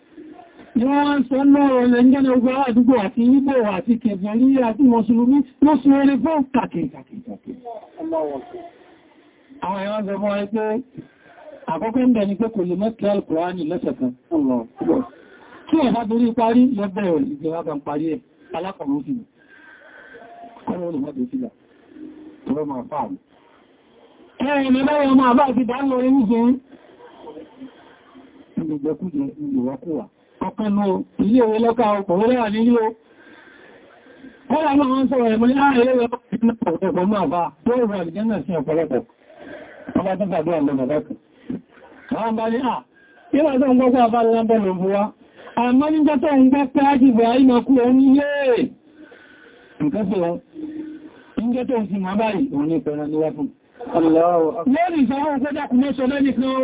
ni wọ́n ń sọ lọ́rọ̀ ilẹ̀ ìjẹ́lẹ ogun àdúgbò àti Ìgbò àti kẹfẹ̀rí àti mọ̀sùlùmí ló sún eré fún kàkìkàkì àwọn ẹ̀wọ́n sọ fún ẹgbẹ́ àkọ́kọ́ ń bẹ̀ ni pé kò lè mọ́tí alkùránì lọ́sẹ̀ kan kí ẹ̀ bá torí parí lọ́bẹ̀ ìgbẹ̀wà kan parí ẹ̀ alákọ̀ọ́rọ̀ sí kọ́rọ̀ olùmọ́dé sílá tọ́rọ máa fáàmù ẹ̀rìn ẹ̀lẹ́wọ̀n máa bá ti dá lọ ẹ̀rìn jẹ́ ìgbẹ̀kújẹ ìlúwọ́kúwà ọ̀kanú ilé òwe lọ́ka ọkọ̀ orí wà nílé o wọ́n láwọn wọ́n sọ ẹ̀mọ́ ní ààrẹ ilé ọ̀pọ̀ Ìjẹ́ tó ń fi máa báyìí òun ní ìpẹ̀rẹ̀ níwá fún. Lórí ìṣọ́wọ́ ọ̀pẹ́dàkùn mọ́sọ̀lẹ́nìkan ó.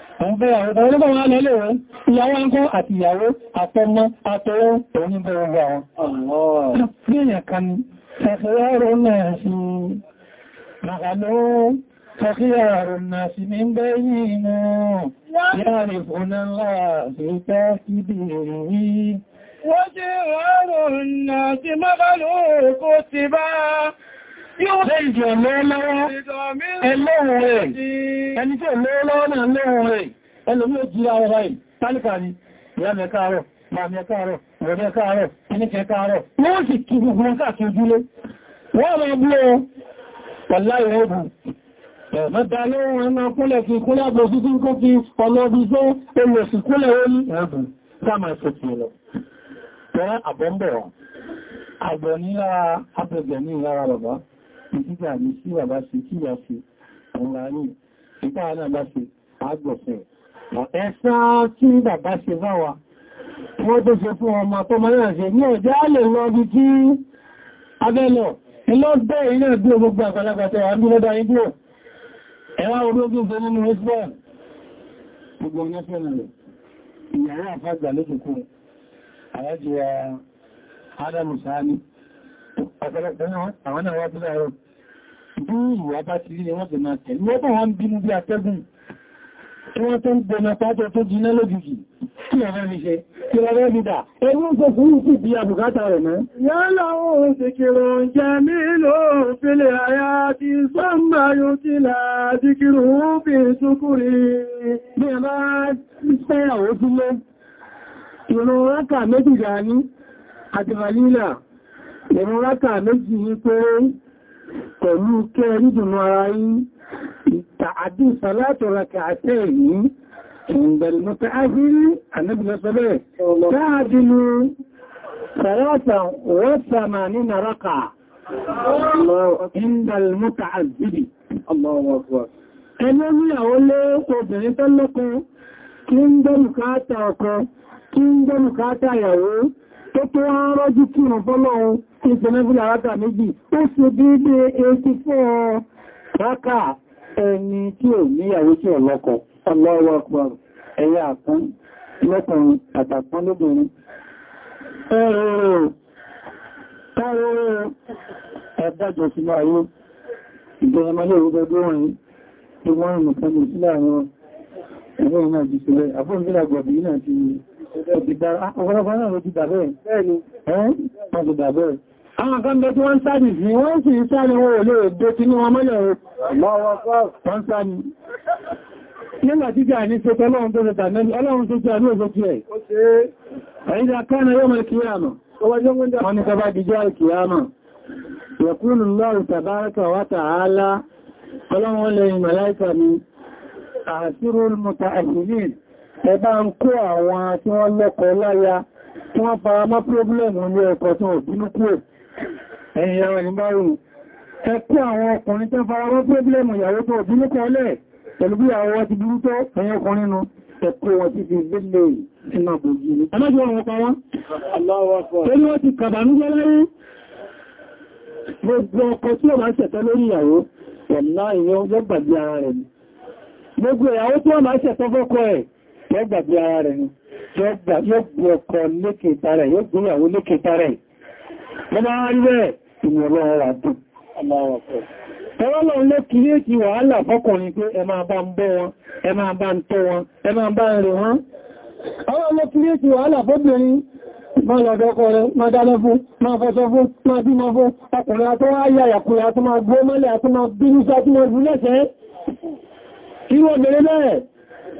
Àwọn فخيار الناس من بينهم يعرفون الله في تكبيره وجهار الناس مغلوق اتباع Lẹ́ìjì ọ̀lọ́lọ́wọ́, ẹlọ́run rẹ̀, ẹni tí ọ̀lọ́lọ́wọ́ náà lẹ́run rẹ̀, ẹlòmí ó jíra ọ̀rọ̀ ẹ̀, tálíkà ni, ìyá mẹ́káàrọ̀, máa mẹ́káàrọ̀, rẹ̀ mẹ́káàrọ̀, ẹni kẹ́káàrọ̀, wọ́n sì kí gbogbo wọn káàkiri ojúlé, wọ́n máa bú ọ, pẹ̀lá ìwọ̀bù, mẹ́ta lọ́run rẹ̀ máa kúnlẹ̀ kí kúnlẹ̀ àgbò sí sí kó fi ọlọ́bí tó olùsì kúnlẹ̀ ó ní ẹ̀bù, ká máa ṣe kí lọ. Tọ́rọ àbọ́m̀bọ̀ àgbọ̀ ní lára, àbẹ̀gbẹ̀ ní lára bàbá ìgbà ní sí bàbá sí kí ìyá sí ọ̀rọ̀ ní ìpá náà bá sí àgbọ̀fẹ́ ẹ̀sá tí bàbá ṣe bá wa wọ́n tó ṣe fún ọmọ àpọmọ náà ṣe ní ọjọ́ alẹ́ lọ bí kí abẹ́lọ̀ ẹlọ́gbẹ́ ilé ẹgbẹ́ gbogbo àgbàlagbàtẹ̀ àbúrẹ́dà igbó ẹwà ológun fẹ́ nínú isbọn gbogbo ọ̀nà fẹ́ nàlẹ̀ ìyàwó àfágbà lóṣùkú àyájẹ́ adamu sáà ní ọ̀pọ̀lọpọ̀ àwọn náà wá bí láàárọ̀ bí ìwà bá ti rí ẹwọ́n tẹ̀mà tẹ̀lú ọgbọ̀n wọn bínú tí wọ́n tó ń gbẹ̀mẹ̀ pàtó tó jiná lójijì kí ọ̀rẹ́ mi ṣe kí ọ̀rẹ́ mi dà ẹni ń gbogbo ń sì bí àbùkátà rẹ̀ mọ́ yálà òun sì kìrò jẹ mí ló fílẹ̀ àyà ti sọ́mbà yóò ti là ẹ̀rùn rákà méjì yí péré pẹ̀lú kẹ́ rídùnú ara yí ìtààdì sàlátù rákà àtẹ́ yìí ìgbẹ̀lùmọ́ta áhírí ànábìlọ́sọ́lẹ̀ dáadínú sàlátà wọ́sàmà nínà rákà ní àwọn lé obìnrin ọkọ tó tó wọ́n rọ́jú kí wọ́n fọ́lọ́run tí ìpẹ̀lẹ́bílà rákà méjì ó ṣe dédé etí fún rákà ẹni tí ò níyàwó tí ọlọ́kọ Allahu Akbar ẹ̀yà àkún lọ́kùnrin àtàkùn lóbìnrin ẹ̀bọ́jọ̀ sí máa yóò ìgbẹ̀rẹ̀mọ́lé ìrúgbẹ̀gbẹ̀ wọ̀nyí tí wọ́n rìn nìkan ní sílẹ̀ àwọn ẹ̀rọ ìrìnàjò sílẹ̀ àfọ́nfílàgbọ̀bì náà ti Ọ̀pọ̀lọpọ̀ náà ló ti dà bẹ́ẹ̀. Bẹ́ẹ̀ni. Ẹ́n? Wọ́n ti dà bẹ́ẹ̀ àwọn kan bẹ tí wọ́n sáàdì sí wọ́n sì sáàdì wọ́n olè èdè tí ní wọn mọ́lẹ̀ wọ́n sáàdì nígbà tí jà ní ṣe tọ́lọ́run tó ṣe tàbí ọlọ́run tó jà ní òṣò kí ẹ̀ ẹ̀yíjà kánà yóò ẹbá ń kó àwọn tí wọ́n lọ́kọ láya tí wọ́n fara mọ́ pírọ́blẹ̀mù ní ẹ̀kọ́ tí wọ́n bínú kúrò ẹ̀yìn ẹ̀rọ ní márùn-ún ẹ kó àwọn ọkùnrin tí wọ́n fara mọ́ pírọ́blẹ̀mù ìyàwó tó bínú kọ́lẹ̀ pẹ̀lú bí àwọn ti bínú tó ẹ̀yìn ọkùnrin nu ẹ̀kọ́ wọn ti fi gbélé iná bòjì ní alájọ́ wọn pa wọ́n torí wọ́n ti kàbànújẹ́ láyé gbogbo ọkọ̀ tí ó máa ń ṣẹ̀tọ́ lórí ìyàwó ọ̀nà ìyẹn gbogbo ìyàwó tí ó máa ń ṣẹ̀tọ́ fọ́kọ ẹ̀ yóò gbàgbé ara rẹ̀ ni yóò gbé ọkọ lékè tààrẹ̀ yóò gbé ìyàwó lékè tààrẹ̀ lọ́nà rẹ̀ ìmọ̀ ọlọ́run wà dùn Ọlọ́run ló kìí kí wàhálà fọ́kùnrin pé ẹ máa bá ń bọ́ wọn, ẹ máa bá ń tọ́ wọn, ẹ máa bá ń rè wọn. Ọlọ́run ló kìí kí wàhálà fọ́bìnrin máa lọ́dọ̀ ọkọ rẹ̀, máa dáná fún, máa fọ́sọ fún, máa bímọ fún, ọkùnrin àtọ́ ayà yàkùnrin àtọ́ máa gbó mọ́lẹ̀ àtọ́ máa bínú sí àtọ́ máa bú lẹ́sẹ̀ẹ́. Irú obìnrin bẹ́ẹ̀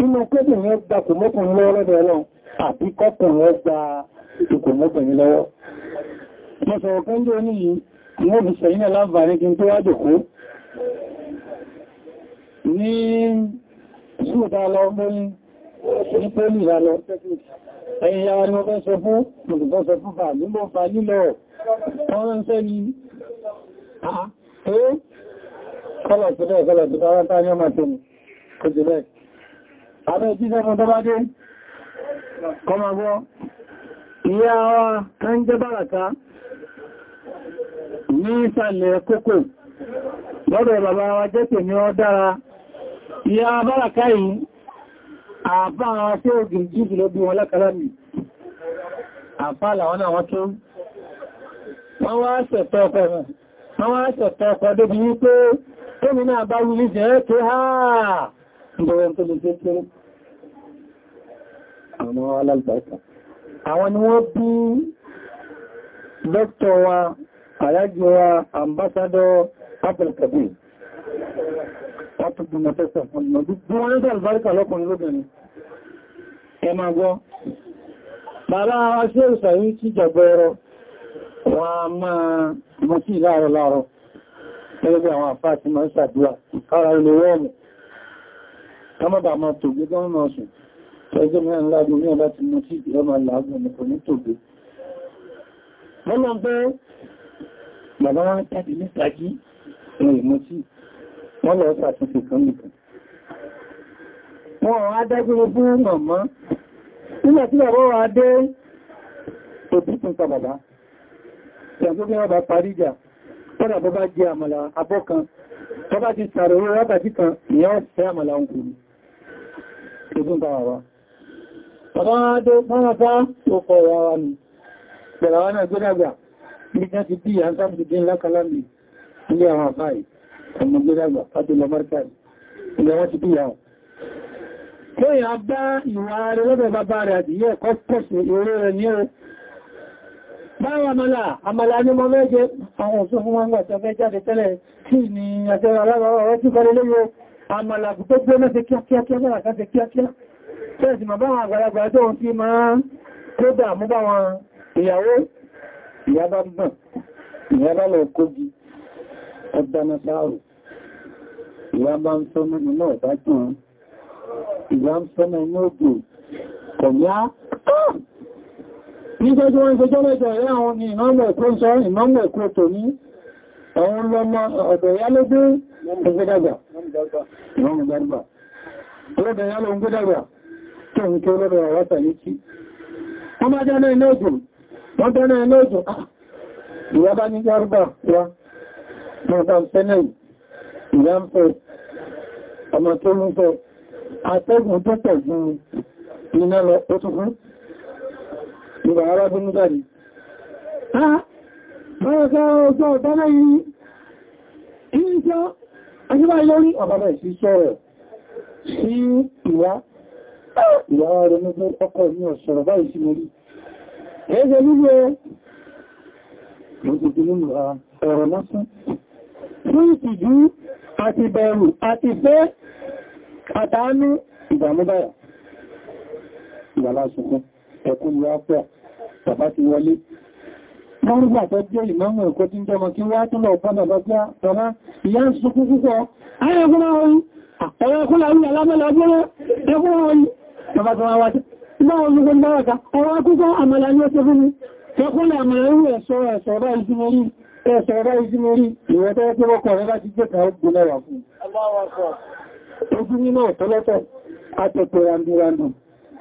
inú kébìnrin gba kò lọ́wọ́ lọ́dọ̀ ọlọ́run àbí kọkùnrin gba ìkò lọ́wọ́ mo sọ̀rọ̀ kan oní yìí wọ́n fi sẹ̀yìn láǹfààní kí n tó wájòkó ní kọ́lọ̀ tó bẹ́ẹ̀ kọ́lọ̀ tó bá tá ní ọmọ tó ní kò jù bẹ́ẹ̀ abẹ́ jíṣẹ́ fún tọ́bá dé kọmọ gbọ́ ìyá wa kan jẹ́ bàràká ní ìsàlẹ̀ kókò lọ́dọ̀ bàbá wa jẹ́ tèmi ọ dára ìyá bàràká yìí àbá àwọn tí ó gìn jíjì ló bí wọn lákàrá mi àbá làwọn náà wọ́n tún wọ́n wá ṣẹ̀tọ́ ọkọ̀ rẹ̀ wọ́n wá ṣẹ̀tọ́ ọkọ̀ débi wípé tómi náà bá wuli jẹ́ Àwọn alálùbáṣà. Àwọn ni wọ́n bí dọ́kítọ̀ wa, àyájọ́ wa, àmbásádọ́ Abdelkabir. Wọ́n tó bí mọ̀ tẹ́sà fún ìmọ̀ bí wọ́n ní àlùbáríkà lọ́kùnrin lóbìnrin. Ẹ máa gbọ́. Bàbá aṣẹ́ ìṣàyí tí jàgbẹ́rọ, wọ́n a máa mọ̀ sí láàrọ̀ láàrọ̀ kámọ́bà máa tògbé gọ́nà ọ̀sùn ẹjọ́ mẹ́rin lágbó ní ọba ti mú tí ìjọba làágùn nìkan ní tògbé mọ́nà bẹ́ bàbá wọn tàbí ní tají ẹ̀rọ ìmú tí wọ́n lọ sàtúnṣe kan nìkan wọ́n adágbére fún màmá nígbà tí bàbá wọn adé òbí tún ta bàbá ìyàgbógbé ọba paríjà tọ́nà bọ́ bá jẹ àmàlà abọ́ kan tọ́ bá ti sàrò orí rábàjí kan ìyàn ọ̀sẹ̀ àmàlà òǹkùnrin ìgbùn tàwà wá bàbá tó pánàpá tó kọ ìyá wa ni bẹ̀rẹ̀ wá náà gbẹ́dàgbà ní jẹ́ ti bí àń sáàbùdì dín lákàlá mi ilé àwọn àbáyì ọmọ gbẹ́dàgbà pàtó lọ márkàrí ilẹ̀ wọ́n ti bí àwọn kéèyàn bá ìwà rẹ̀ lọ́dọ̀ bàbá rẹ̀ àdìyẹ kọ́kọ́sì eré rẹ̀ ní ẹ̀rọ báwọn àmàlà àmàlà ní mọ́ ni àjẹ́rà aláwọ̀ ọ̀rọ̀ tí kọ́ lé àmàlàkù tó gbé mẹ́sẹ̀ kíákíákíá mẹ́ràkánṣẹ́ kíákíá tẹ́ẹ̀sì ma bá wọn àgbàlagbà tó ń fi máa tó dà mú bá wọn ìyàwó ìyàbá bọ̀n ìyàbá lọ kógi ọ̀dána sáàrù ìyàbá ń sọ́nà iná ọ̀dájùn ìyà ń sọ́nà iná ògbò kọ̀míá nígbẹ́jú wọn ìgbẹ́jọ́ mẹ́jọ ẹ̀yà àwọn ni ìmọ́mọ̀ ẹ̀kọ́ ń sọ ìmọ́mọ̀ ẹ̀kọ́ tò ní àwọn ọlọ́mọ Ìwọ́n ah! bá ní Yorùbá wá, Yorùbá Sẹ́nẹ̀lì, ìyá ń fẹ́, ọmọ tó ń fẹ́, àtẹ́gùn tó pẹ̀lú iná lọ ó tún fún. Ìgbà arábínú dáadì. Ah! Bọ́ọ̀ká ọjọ́ ọ̀tọ́lá yìí, ìjọ Àjíbá lórí ọ̀bàbà ìṣiṣẹ́ rẹ̀ sí ìwá ìwá rẹ̀ mẹ́gbẹ́ ọkọ̀ ní ọ̀ṣọ̀rọ̀ báyìí sí mọ́rí. Ẹgbẹ́ nílé ọ̀rọ̀ lásán. Fún ìtìjú àti bẹ̀rù àti fẹ́ àtàánú ìdàmú báyà. Ìgbàlá ṣùgbọ́n ẹkùn ni wá pẹ́ bàbá ti wọlé lọ́rùgbà tó jẹ́ ìmọ́mù ẹ̀kọ́ tí ń jọmọ kí wá tó lọ bọ́nà lọ́gbá tọ́lá ìyá ń sọkún púpọ̀ ayẹ́kúnlá orí ẹ̀kúnlá orí alámọ́lá ọgbọ́rọ̀ ẹkúnlá orí bàbá tó wá wá tí bá wọn lúgbọ́n báraka ọwá kúkọ́ àmàlà ní ó tó fún mi ẹkúnlá àmàlà irú ẹ̀ṣọ́ ẹ̀ṣọ́ bá ìsinmi ẹ̀ṣọ́ bá ìsinmi ìwọ̀n tó tó wọ́kọ̀ rẹ̀ láti jẹ́ kàá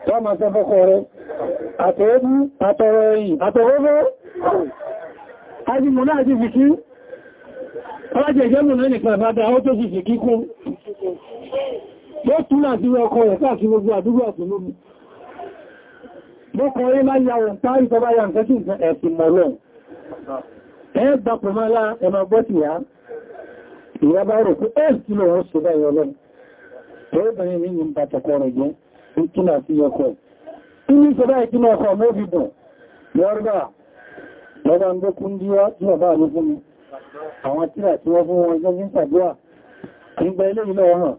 wọ́n máa sọ fọ́kọ̀ rẹ̀ àtọ̀ọ́bú àtọ̀rọ̀ ẹ̀yìn àtọ̀ọ́bọ́ ajínmù náà jí fìkí ọlájẹ̀ ìjẹ́mù náà nìkan ìbádá ó tó sì fìkí kún yóò túnà sí ọkọ̀ rẹ̀ káàkiri gbogbo àdúgbò àtúnlómi mọ́kọ̀ rí máa ya ọ̀rùn táàrí tọba ya nǹkan tí nǹkan ẹ̀sìn mọ̀lọ́ ẹgbà pẹ̀mọ́lá ẹmà gbọ́tì ya ìyá bá rò pé ẹ̀sìn lọ́wọ́ sọ báyọ̀ lọ́nà tó bẹ̀rẹ̀ ní ìbàtàkọrọ̀ jẹ́ túnà sí ọkọ̀ tí ní sọ báyìí túnà ọkọ̀ mọ́ fi dùn lọ́rọ̀gbà lọ́gbà ń gbé kún díwá tí ọba ní fún mi àwọn tíra tí wọ́n fún wọn jẹ́ ní sàdúrà nígbà ilé ilẹ̀ ọ̀hàn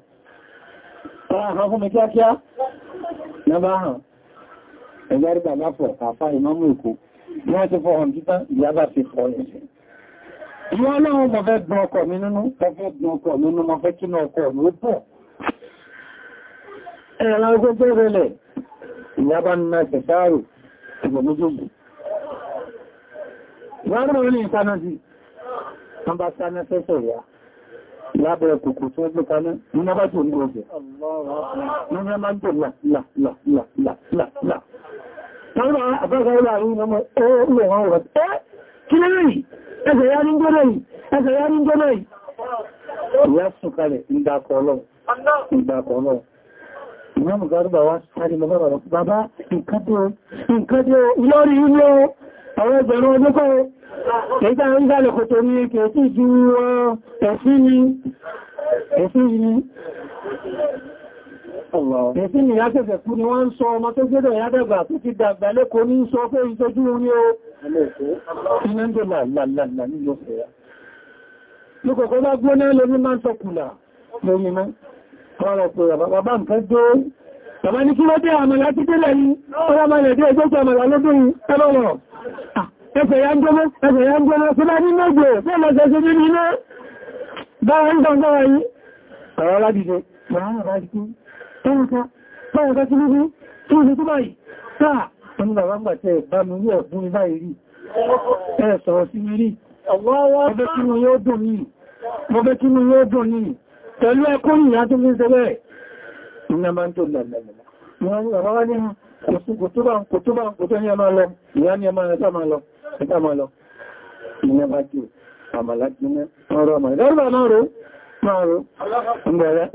tàà hàn fún mi kíákíá lọ́bà hàn ẹgbẹ́ àrígbà láfọ̀ àfá ìmọ́mù èkó bí wọ́n ti fọ́ hàn títà ìyábà fi fọ́ ìwọ́n lọ́wọ́ mọ̀ dùn ọkọ̀ mi nínú mọ̀ dùn ọkọ̀ mi nínú mọ̀ kí ní ọkọ̀ mi ó pọ̀ ẹ̀rọ gbogbo ìrẹ̀lẹ̀ ìyábá ń náà tẹ̀sáàrù ìgbòmójógún wọ́n rọ̀ ní ìtànàjì wọ́n bá sáná sẹ́sẹ̀ ìyá lábẹ́ kòkò tó gbé kaná ní wọ́n bá jò ní ọjọ́ wọ́n rẹ̀ máa ń jò láàlá Tọ́rọ àbága ilẹ̀ àwọn ọmọ ẹ̀rọ wọn rọ̀ ẹ́ kí lẹ́rìn ẹ̀sẹ̀ yá ní gbọ́nà yìí ẹ̀sẹ̀ yá ní gbọ́nà yìí. Ìyá sùn kalẹ̀ ìgbàkọ̀ ọlọ́run. Ìgbàkọ̀ ọlọ́run ìmáàmù gárúbà wá sáré lọ bàbá bàbá nǹkan tó lórí ilé àwọn ẹgbẹ̀rún ọdún kọ́ ẹgbẹ́ àwọn ìgbàlẹ̀ kò tó ní ẹkẹ̀ sí ju uh, ẹ̀sìn ni ẹ̀sìn ni ẹ̀sìn ni yàtẹ̀fẹ̀ kú ni wọ́n ń sọ ọmọ tó gbẹ́dọ̀ yàtẹ̀gbà tó ti dàgbà lẹ́kọ́ ní sọ pé ìtọ́jú ní o ìnẹ́ndọ̀lá lálàlà nílò fẹ́ ọ̀rọ̀ pé bàbá ń fẹ́ jó bàbá ní kí ló dé àmàlà ti délẹ̀ yìí ọ̀rọ̀ àmàlà dé ẹgbẹ́ àmàlà lódún ẹlọ́rọ̀ ẹfẹ̀ ya ń gbọ́mọ́ ẹfẹ̀ ya ń gbọ́mọ́ tó bá ní mẹ́gbẹ̀ fún ọmọ ṣe ní iná báwọn gbọ́ngbọ́ra yìí ọ̀rọ̀ aládìjẹ́ bàbá bá jíkú tọ́wọ́ká tọ́wọ́ká tí lúgbú tí ó ṣe tó báyìí táà ọmọ bàbá ń gbàtẹ̀ bá mi rí ọ̀dún báyìí rí ẹ̀ sọ̀rọ̀ sí mi rí ọgbẹ́ kínú yóò dùn ní pẹ̀lú ẹkún ìyá tó fi ń sẹ́gbẹ́ ìyá máa ń tó lọ́lọ́lọ́lọ́ wọ́n ní ọ̀rọ̀ wá ní kòtúbà kòtúbà kòtó ní ẹmà lọ ìyá ní ẹmà ẹ̀ta máa lọ ẹ̀ta máa lọ Allah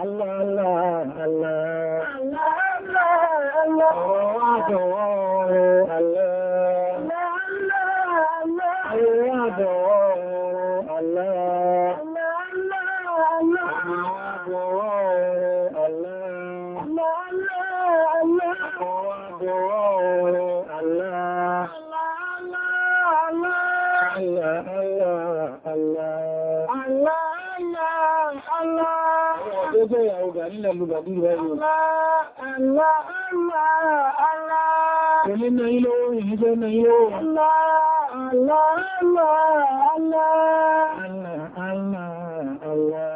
Allah Allah Allah Allah Allah Allah, ìyàwó gà nílẹ̀ lùgbà dúró ẹ̀rọ. Allah, Allah, Allah. Ẹni na ilé orin ìjẹ́ na ilé orin. Allah, Allah, Allah, Allah. Allah, Allah, Allah.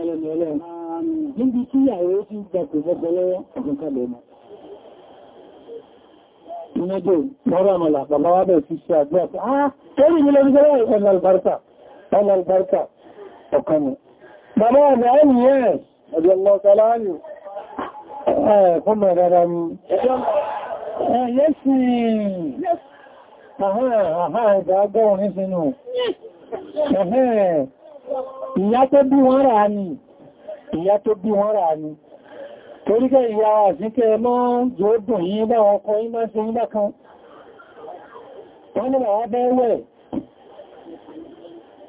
ẹlẹ́ni ọlọ́run níbi tí ìyàwó ti gbàgbé fọ́gbọ́ lọ́wọ́ ọ̀gbọ̀nkálẹ̀ ọmọ ìmẹ́jọ mọ́rọ̀ àmàlà bàbá wà bẹ̀ ti ṣe àgbẹ́ àti àà kẹ́rì mi lọ́nà ọ̀nà albarka ọ̀nà albarka ọ̀kanu bàbá wà bẹ̀ ẹni yẹ́ ọjọ́ lọ sàlárì fún mẹ́rẹ́ra mi yẹ́sì àhán àhán ìgbà agbọ́rùn-ún sínú ìyá tó bí wọ́n rà ní ìyá tó bí wọ́n rà ní toríkẹ́ ìyá àsíkẹ́ mọ́ yóò dùn yí bá ọkọ̀ yí máa ṣe yí bá kan wọ́n ní bàbá bẹ́ẹ̀wẹ̀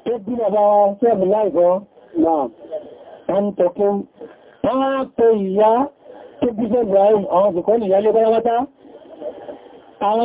tó bí bàbá sẹ́bù láìgọ́ náà wọ́n tọ́kẹ́ wọ́n á pẹ ìyá tó bí sẹ́bù àwọn òṣìkọ́ ní ìyálé báyáwátá àwọn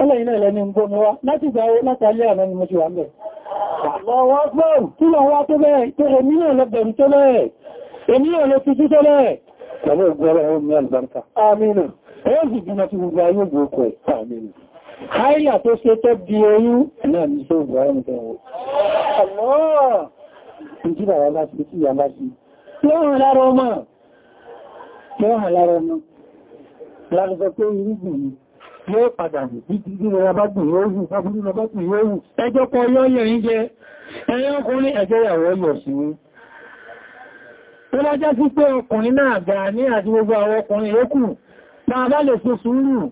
ọlọ́yìn náà lẹ́ni ń gbọ́mọ́ wá láti gbáwó látàlẹ́ àná ni mo ti wà ń bẹ̀. àwọn ọgbọ́n tí wọ́n wá tó bẹ́ẹ̀ tó èmi náà lọ bẹ̀rù tó lẹ́ẹ̀ èmi náà lọ fi títọ́ lẹ́ẹ̀ pẹ̀lú ìgbọ́rọ̀ ohun ní àlùbáríkà àmìnà ẹ̀yẹ́ sì gbìnà ti gbogbo ayé gbogbo ẹ̀ àmìnà háìlà tó ṣe tẹ́ di oyún náà ní ṣe ògbà ọmọ tẹ́wọ́ ìjìbà wà láti sí ìyà láti lọ́hàn lára ọmọ lọ́hàn lára ọmọ lára sọ pé irúgbìn yóò padà ní títí rẹ̀ bágbì yóò hù fábúrú lọ bágbì yóò hù ẹjọ́ kan yóò yẹ̀ ń jẹ ẹ̀yọ́ ọkùnrin ẹ̀jẹ́ ìyàwó yọ̀ sí tó lájá sí pé ọkùnrin náà gà ní àti gbogbo àwọn ọkùnrin yókù máa bá lè so sùúrù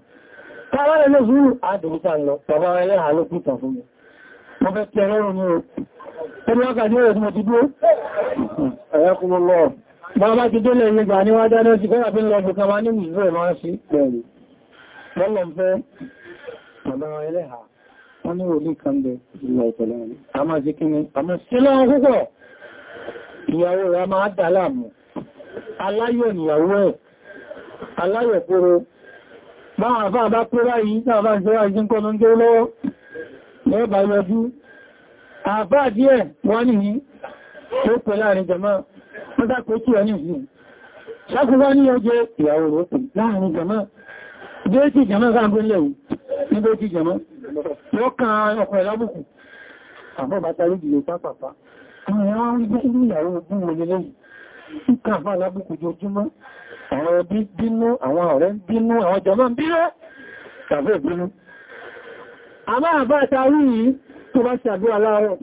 káwà lè lè sùúrù àdùnkà lọ bàbá ẹlẹ́ àlọ́ pìtàn fún mi mo fẹ́ kí ẹlẹ́rùn ní o ẹni wákàtí ẹ̀rọ tí mo ti dúró ẹ̀yẹ́kùnrin lọ bàbá ti délẹ̀ ìgbà níwájá náà ti fẹ́ àbí lọ bùkà wá ní ìlú ẹ̀ máa sí pẹ̀lú Bọ́lọ̀ fẹ́ ọ̀dá ẹlẹ́ha, wọ́n ní olí kan bẹ ìlà ìtẹ̀lẹ̀ rẹ̀. A máa ṣe kíni, a máa ṣe lọ́wọ́ púpọ̀. Ìyàwó rẹ̀ máa dà láàmú. Aláyọ̀ nìyàwó ẹ̀, aláyọ̀ kúrò. Báwọn àfá bá kúrò yìí, náà bá ń ṣe ráyìí kọ́ ló ń gé lọ́wọ́. Lẹ́bàá yọjú. Àfá díẹ̀ déjì ìjẹmọ́ sáàgbé lẹ́wù ní déjì ìjẹmọ́ yóò kan ọkọ̀ ẹ̀lábùkù àbọ́bàtà ríjì lè pápàpá àwọn ẹ̀wọ́n rí bí inú ìyàwó ogún wọlé lẹ́yìn ìkà fà lábùkù jojúmọ́ àwọn ẹbí bínú àwọn ọ̀rẹ́ bínú àwọn jọmọ́ bínú tàbí ìbínú àmá àbáta rí yìí tó bá ṣàgbé lọ́dọ̀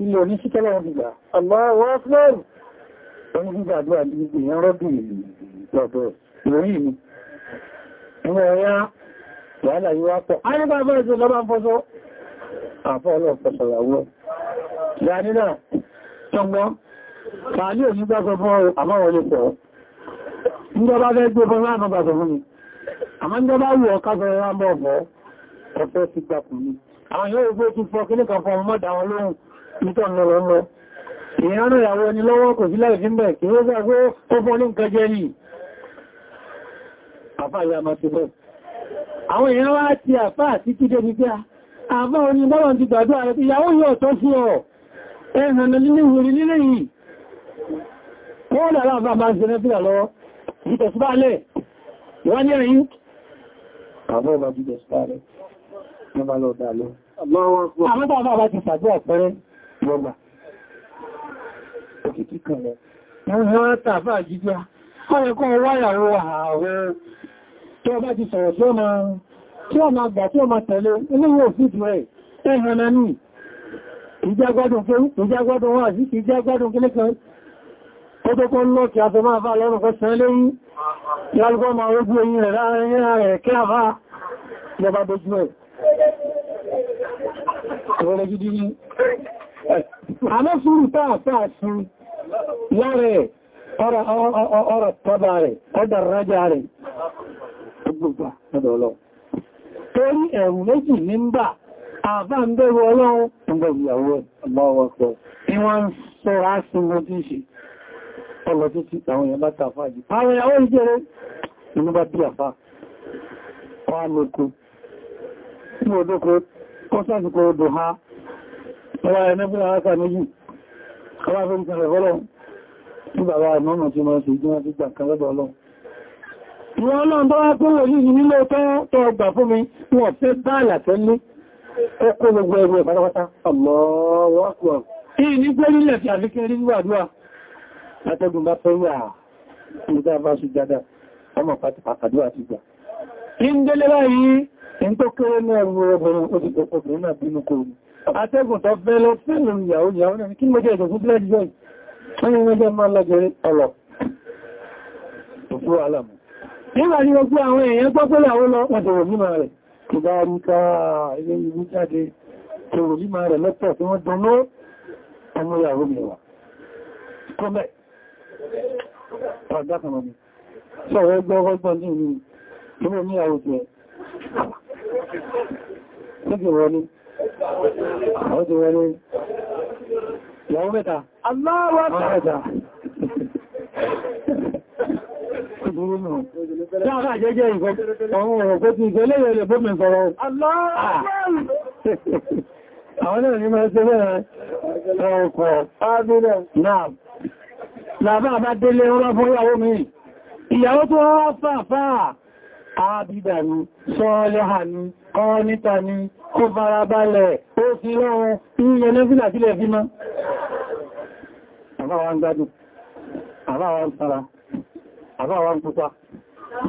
ìròyìn ni ẹ̀yà wàhálà yìí wá pọ̀. a ní bá bẹ́ẹ̀ sí lọ́bá ń fọ́sọ́ àfọ́ ọlọ́pọ̀sọ̀ ìyàwó ìyá nínà tọ́gbọ́n tààlé òní gbágbọ́ fún ọrọ̀ àmáwọn olè pọ̀ ìjọba fẹ́ gbé fún láàrín ọgbà fún mi àmá ìjọba wù ọ̀ká fẹ́rẹ́ rámọ́ ọ̀fọ́ ọ̀fẹ́ ti gbà fún mi àwọn yóò gbé ti fọ́ kí nìkan fún ọmọdà wọn lóhun nítọ̀ lọ lọ lọ ìrìnàrò ìyàwó ẹni lọ́wọ́ kò sí láì fínbẹ̀ kí ó gbà pé ó fọ́ ní nǹkan jẹ́ ní àfáàyà máa ti bẹ́ẹ̀ àwọn èèyàn wá ti àfá àti kídé gbígbé àfá orí bọ́lọ̀ ti gbàdúrà rẹ̀ ìyàwó yóò tọ́ sí ọ̀ ẹ̀hànà nílé ìwòrí nílé yìí wọ́n lè aláàfá bá ń ṣe nẹ́fìlà lọ ìtẹ̀síbálẹ̀ ìwọ́n ní ẹ̀yìn àwọn ọba ti tẹ̀síbálẹ̀ ní bá lọ dà lọ àwọn tàbí àbá ti sàdúrà pẹ́rẹ́ ìwọ̀gbà òkìkí kan lọ tó ọba ti sọ̀rọ̀ tí ó ma tí ó ma gbà tí ó ma tẹ̀lé inúwò òfíìtì rẹ̀ ẹ̀hànà ní ìjágbádùn fún ìjágbádùn wà sí ìjágbádùn kílé kan ó tó kọ́ lọ kí a fẹ́ máa fà lọ́rùn fẹ́ sẹ́ lẹ́yìn lálùkọ́ ma rójú eyín rẹ̀ láàrin rẹ̀ kí a fà lọba dojú rẹ̀ ọ̀rọ̀ gidi ní rẹ̀ ọ̀dà rájá rẹ̀ gbogbo ọ̀dọ̀ ọlọ́run torí ẹ̀rù méjì ní ń bà àbá ń bẹ̀rù ọlọ́run ọgbẹ̀ ìyàwó ọgbọ̀wọ̀pọ̀ ni wọ́n ń sọ́ra sí mojú ṣe ọlọ́ tó ti àwọn èèyàn bá tàfà jù àwọn ìyàwó ìjẹrẹ inú bá bí àfà wà lóko ní odóko kọ́sàtìkò odò ha ọwà ẹ̀nẹ́bí aráta méjì kọ́wàá fẹ́ ìwọ̀n ọlọ́run bá wá gbọ́rọ̀ yìí nílé tó ọgbà fún mi wọ́n fẹ́ bá àlàtẹ́ ní ẹkùn gbogbo ẹgbẹ̀ pátápátá ọlọ́wọ́pọ̀ ìyí ní gbé nílẹ̀ tí àfikẹ́ rí wàdúwà látẹ́gùn bá fẹ́ wà nígbà bá ṣe jádà ọmọ pàtàkàdúwà ti gbà ìndélé báyìí ń tó kéré ní ẹrù ọgbọ̀rún ó ti ọkùnrin náà bínú kò ní atẹ́gùn tó fẹ́ lọ fẹ́lú ìyàwó ìyàwó náà kí mọ́jẹ́ ìjọ fún bílẹ̀ jọ́ yìí wọ́n ni wọ́n jẹ́ máa lọ́gẹ̀rẹ́ ọlọ̀ òfúrò alàmù nígbà ní ogún àwọn èèyàn gbọ́gbọ́lẹ̀ àwọn ọdọ̀rọ̀ mímọ̀ rẹ̀ tó bá rí ká ilé ìlú jáde tòrò mímọ̀ rẹ̀ lọ́pọ̀ tí wọ́n dánmọ́ ọmọ ìyàwó mẹ́wàá kọ́mẹ́ ọ̀dákanọ̀mí sọ̀rọ̀ Ìgbòrò náà. Dára jẹ́jẹ́ ìgbọ́, àwọn ọ̀rọ̀ pé ti ìgbẹ́lẹ̀ ìrẹ̀lẹ̀ fún mi sọ̀rọ̀. Àwọn náà ní máa ṣe bẹ́rẹ̀ ọkọ̀ ábílẹ̀ náà. Làbá bá délé ọlọ́ fún ìyàwó mi. Ìyàwó tó wá fàfáà, ábídà ni, sọ́ọ́lẹ́hà ni, kọ́ níta ni, kó farabalẹ̀, àbáwá ń pupa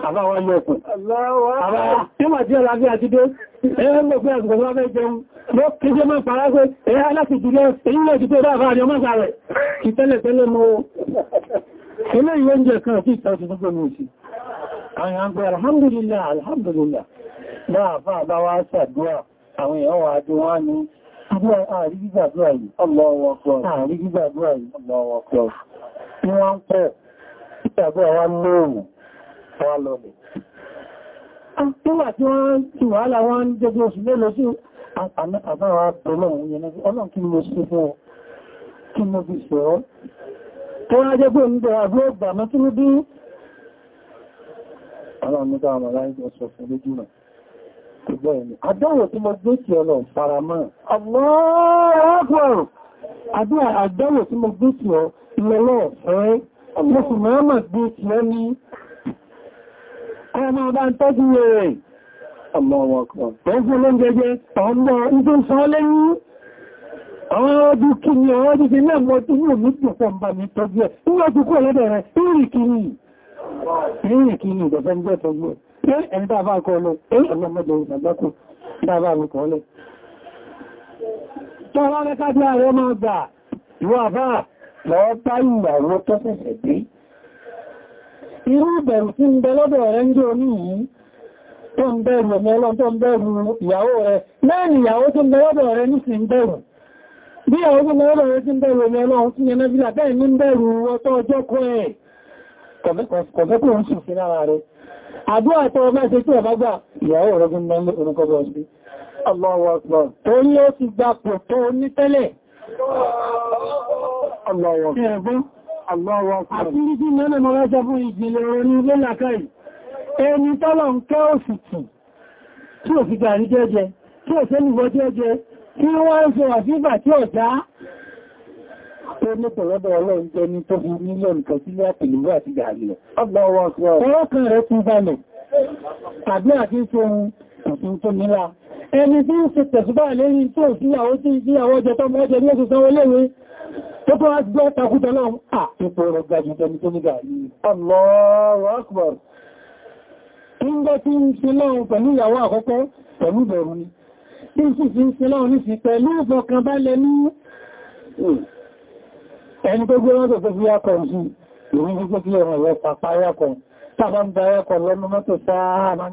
àbáwá ní ọkùn àbáwá tí mà díẹ̀ lábí àti dé ẹ̀rẹ́ mọ̀gbẹ́ àgbẹ̀gbẹ̀ wá fẹ́ jẹun ló kéje mọ́ pàrá pé ẹ̀rẹ́ aláti jùlọ èyí lè jù tó bá àbáwá ní ọmọ ìgbà rẹ̀ kì tẹ́lẹ̀ tẹ́lẹ̀ mọ́ ilé ìwé oúnjẹ kan sí ìtàṣì tó gbẹ̀mù sí àwọn àgbẹ̀ alhamdulillah alhamdulillah náà fà bá wá ṣàdúrà àwọn èèyàn wà jọ wá ní àrí gbígbàdúrà yìí ọlọ́wọ́ pọ̀ tàbí àwa lóòrùn wà lọ́lẹ̀. Nígbà tí wọ́n ti wàhálà wọ́n ń jẹ́ bí oṣù mélòó sí àbáwà bẹ̀rẹ̀ òun yẹn náà ọlọ́run kí mo ṣe fún ọ kí mo fi ṣe ọ́. Tó wá jẹ́ pé ń bẹ̀rẹ̀ àbúrò gbà mọ́ tí ó bí ọlọ́run mú dáwọn ọ̀rá ìjọ sọ fún lójú náà. Àdáwò tí mo gbé sí ọlọ́run faramọ́. Àdáwò tí mo gbé sí ọ ilẹ̀ lọ́ọ̀fẹ́ Mọ́sù Muhammad bí i tìí ní ọmọ ọba ń tọ́jú rẹ̀. Ọmọwọ̀kọ̀. Bọ́gbọ́n ló ń gẹ́gẹ́ tọ́ọ̀mọ́ ìjọ sọ lẹ́yìn. Àwọn ọdún kí ni ọwọ́ jíjẹ náà mọ́ tí yóò mú jù fún bá mi tọ́jú ẹ̀. Ìwọ́n ti kú ọlọ́dẹ̀ rẹ̀, ìrìn kìíní. Ìrìn kìíní ìdọ̀fẹ́ ń jẹ́ tọ́jú ẹ̀. Ẹni dáa bá kọ́ lọ, ọlọ́mọdé ìgbàgbákùn, dáa bá mi kọ́ lọ. Tọ́wọ́ lẹ́ká bí ààrẹ máa gbà, ìwọ́ àbáà, lọ bá ìyàwó tó ṣẹ̀ṣẹ̀ dé irú ìbẹ̀rù tí ń bẹ lọ́dọ̀ rẹ̀ ń jẹ́ oní yìí tó ń bẹ̀rù ọmọ ọlọ́n tó ń bẹ̀rù ìyàwó rẹ̀ lẹ́yìn ìyàwó tó ń bẹ lọ́dọ̀ rẹ̀ ní sí ń bẹ̀rù bí ìyàwó tó ọmọ ọlọ́run Àfíríkí ẹni tọ́lọ̀ ń kẹ́ òsìkì tí ò fi gàrí jẹ́jẹ, tí ò fẹ́ lùwọ́ jẹ́jẹ, tí wọ́n ń ṣe wà fífà tí ò já. Tó ní pẹ̀lọ́dọ̀ ọlọ́run jẹ́ ní tó fi nílọ̀ nìkan sílẹ̀ àpìlúwà àti gàrí lọ tó nílá ẹni tí ó ṣe tẹ̀sùbá lẹ́yìn tó síyàwó tí ìyàwó jẹ tó mẹ́jẹ ní ẹ̀sùn sanwó léwe tó tó wá gbọ́ takútọ náà à ipò rọ̀ gajù jẹni tó nígbà yìí Allahu Akbar ìgbà tí ń ṣe lọ́run pẹ̀lú ìyàwó àkọ́kọ́ pẹ̀lú bẹ̀rù ni tí ń sì ń ṣe lọ́run ní sí pẹ̀lú ìfọkànbalẹ̀ ní ẹni tó gbé mọ́tò tó fi yákọ̀ sí ìrìn gbígbé kí ẹ̀rọ rẹ̀ pàpá yákọ̀ tàbá ń bá yákọ̀ lọ́nà mọ́tò sáà máa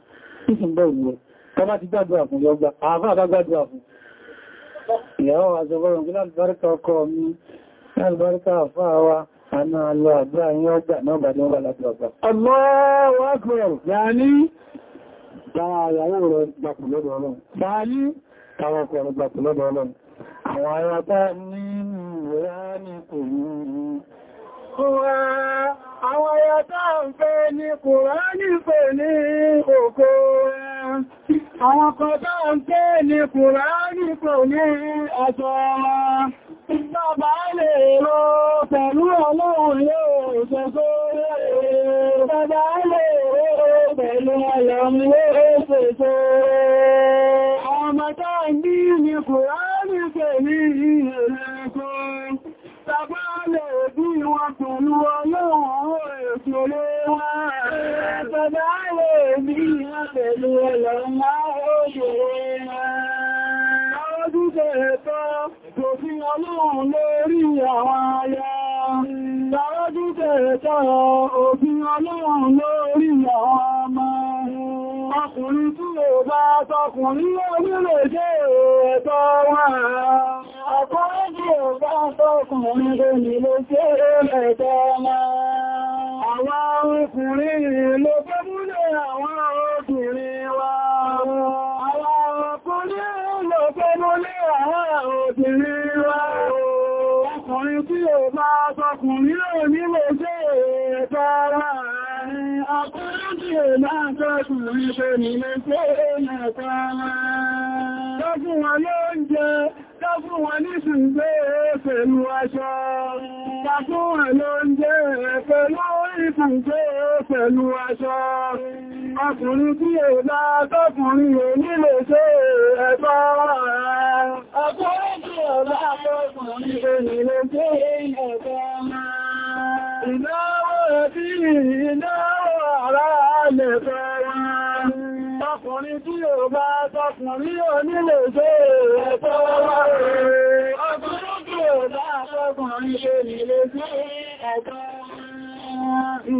sísìn bẹ́ òwúrọ̀ ọgbà náà bà ní ọgbà láti ọgbà Allahu Akbar yàní tàwọn àyàwó rẹ̀ gbàpù lọ́dọ̀ Ọlọ́run yàní tàwọn ọkọ rẹ̀ gbàpù lọ́dọ̀ Ọlọ́run àwọn ará ní ìwé ní tá ń fẹ́ ní Kùránì pè ní òkò àwọn kan tá ń fẹ́ ní Kùránì pè ní ọ̀tọ̀ Bàbá lè rọ pẹ̀lú ọlọ́run yóò ṣẹ́kọ́ rẹ̀. Bàbá lè rọ pẹ̀lú ọlọ́run yóò ṣẹ́kọ́ rẹ̀. Ìpínlẹ̀ òbí wọn pẹ̀lú ọlọ́run ọ̀rọ̀ ìṣòro wọn. Bàbá rẹ̀ bí wọn pẹ̀lú ọlọ́run ọ̀rọ̀ ìṣòro wọn. Àwọn dúdẹ̀ ẹ̀tọ́ kò fi ọlọ́run lórí àwọn ayá. Àwọn dúdẹ̀ ẹ̀tọ́ ọlọ́run lórí àwọn ọmọ ọmọkùnrin tí ó bá tọkùnrin onílò jẹ́ ẹ̀tọ́ wọn ọkùnrin tí ó bá tọkùnrin onílò jẹ́ ẹ̀tọ́ wọn ọkùnrin tí ó bá tọkùnrin onílò jẹ́ ẹ̀tọ́ wọn àkúrúdìẹ̀ máa tọ́kùn ní ṣe nílé tó ẹ̀nà kan. Tọ́kùn ló ń jẹ ká wọn ní ṣùgbé pẹ̀lú aṣọ ká wọn ló ń jẹ́ pẹ̀lú ìfùgbé pẹ̀lú aṣọ ọkùnrin tí è bá tọ́kùnrin ò nílò ṣe ẹ̀tọ́ ọkùnrin tí è bá Ọkùnrin tí yóò bá tọkùnrin yóò nílò ṣe ẹ̀tọ́ wà rẹ̀. Ọkùnrin tí yóò bá tọkùnrin yóò nílò ṣe ẹ̀tọ́ wà rẹ̀.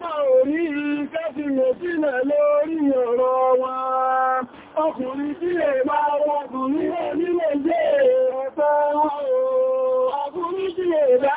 bá orí kẹ́fì mẹ́sílẹ̀ lórí ọ̀rọ̀ wọn ọkùnrin tí lè máa wọ́kùnrin nílé jẹ́ ẹ̀ẹ́fẹ́ wọn o ọkùnrin tí lè bá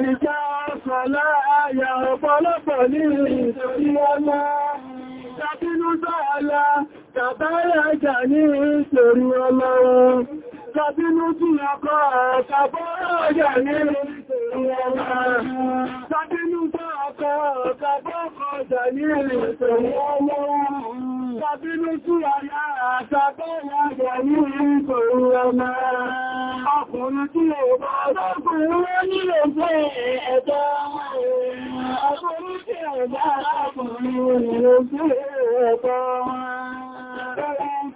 Ìjá sọ̀lá ayà ọ̀pọ̀lọpọ̀ ní ìtòrí ọlá, ṣàbínú sọ́ọ̀lá, tàbáyà jà ní ìtòrí ọlọ́run. Tàbínú sí ọkọ̀ ọkọ̀ ṣàbọ́kọ̀ jà nínú ọmọ. Ọkùnrin tí ó bá ọkùnrin nílò fẹ́ ẹ̀ẹ́dọ́ Ọkùnrin tí ó bá ọkùnrin nílò fẹ́ ẹ̀ẹ́dọ́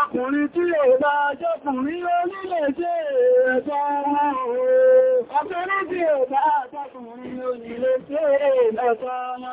Ọkùnrin tí ò bá jọkùnrin onílẹ̀ jẹ́ ẹ̀ẹ́ta ọmọ ọkùnrin tí ò bá jọkùnrin onílẹ̀ jẹ́ ẹ̀ẹ́ta ọmọ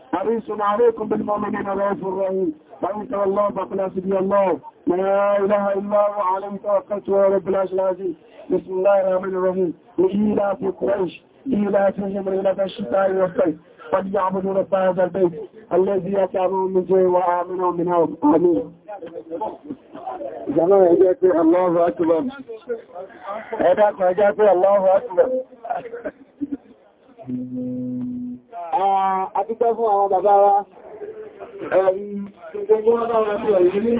حريص عليكم بالمؤمنين رؤوف رحيم فإن تولوا فقل حسبي الله لا إله إلا هو عليه توكلت وهو رب العرش العظيم بسم الله الرحمن الرحيم وإيلاف قريش إيلافهم رحلة الشتاء والصيف فليعبدوا رب هذا البيت الذي يتعبون من جوع وآمنوا من هوم آمين جماعة جاءت الله أكبر هذا الله أكبر àti fún àwọn bàbá wa ẹ̀rí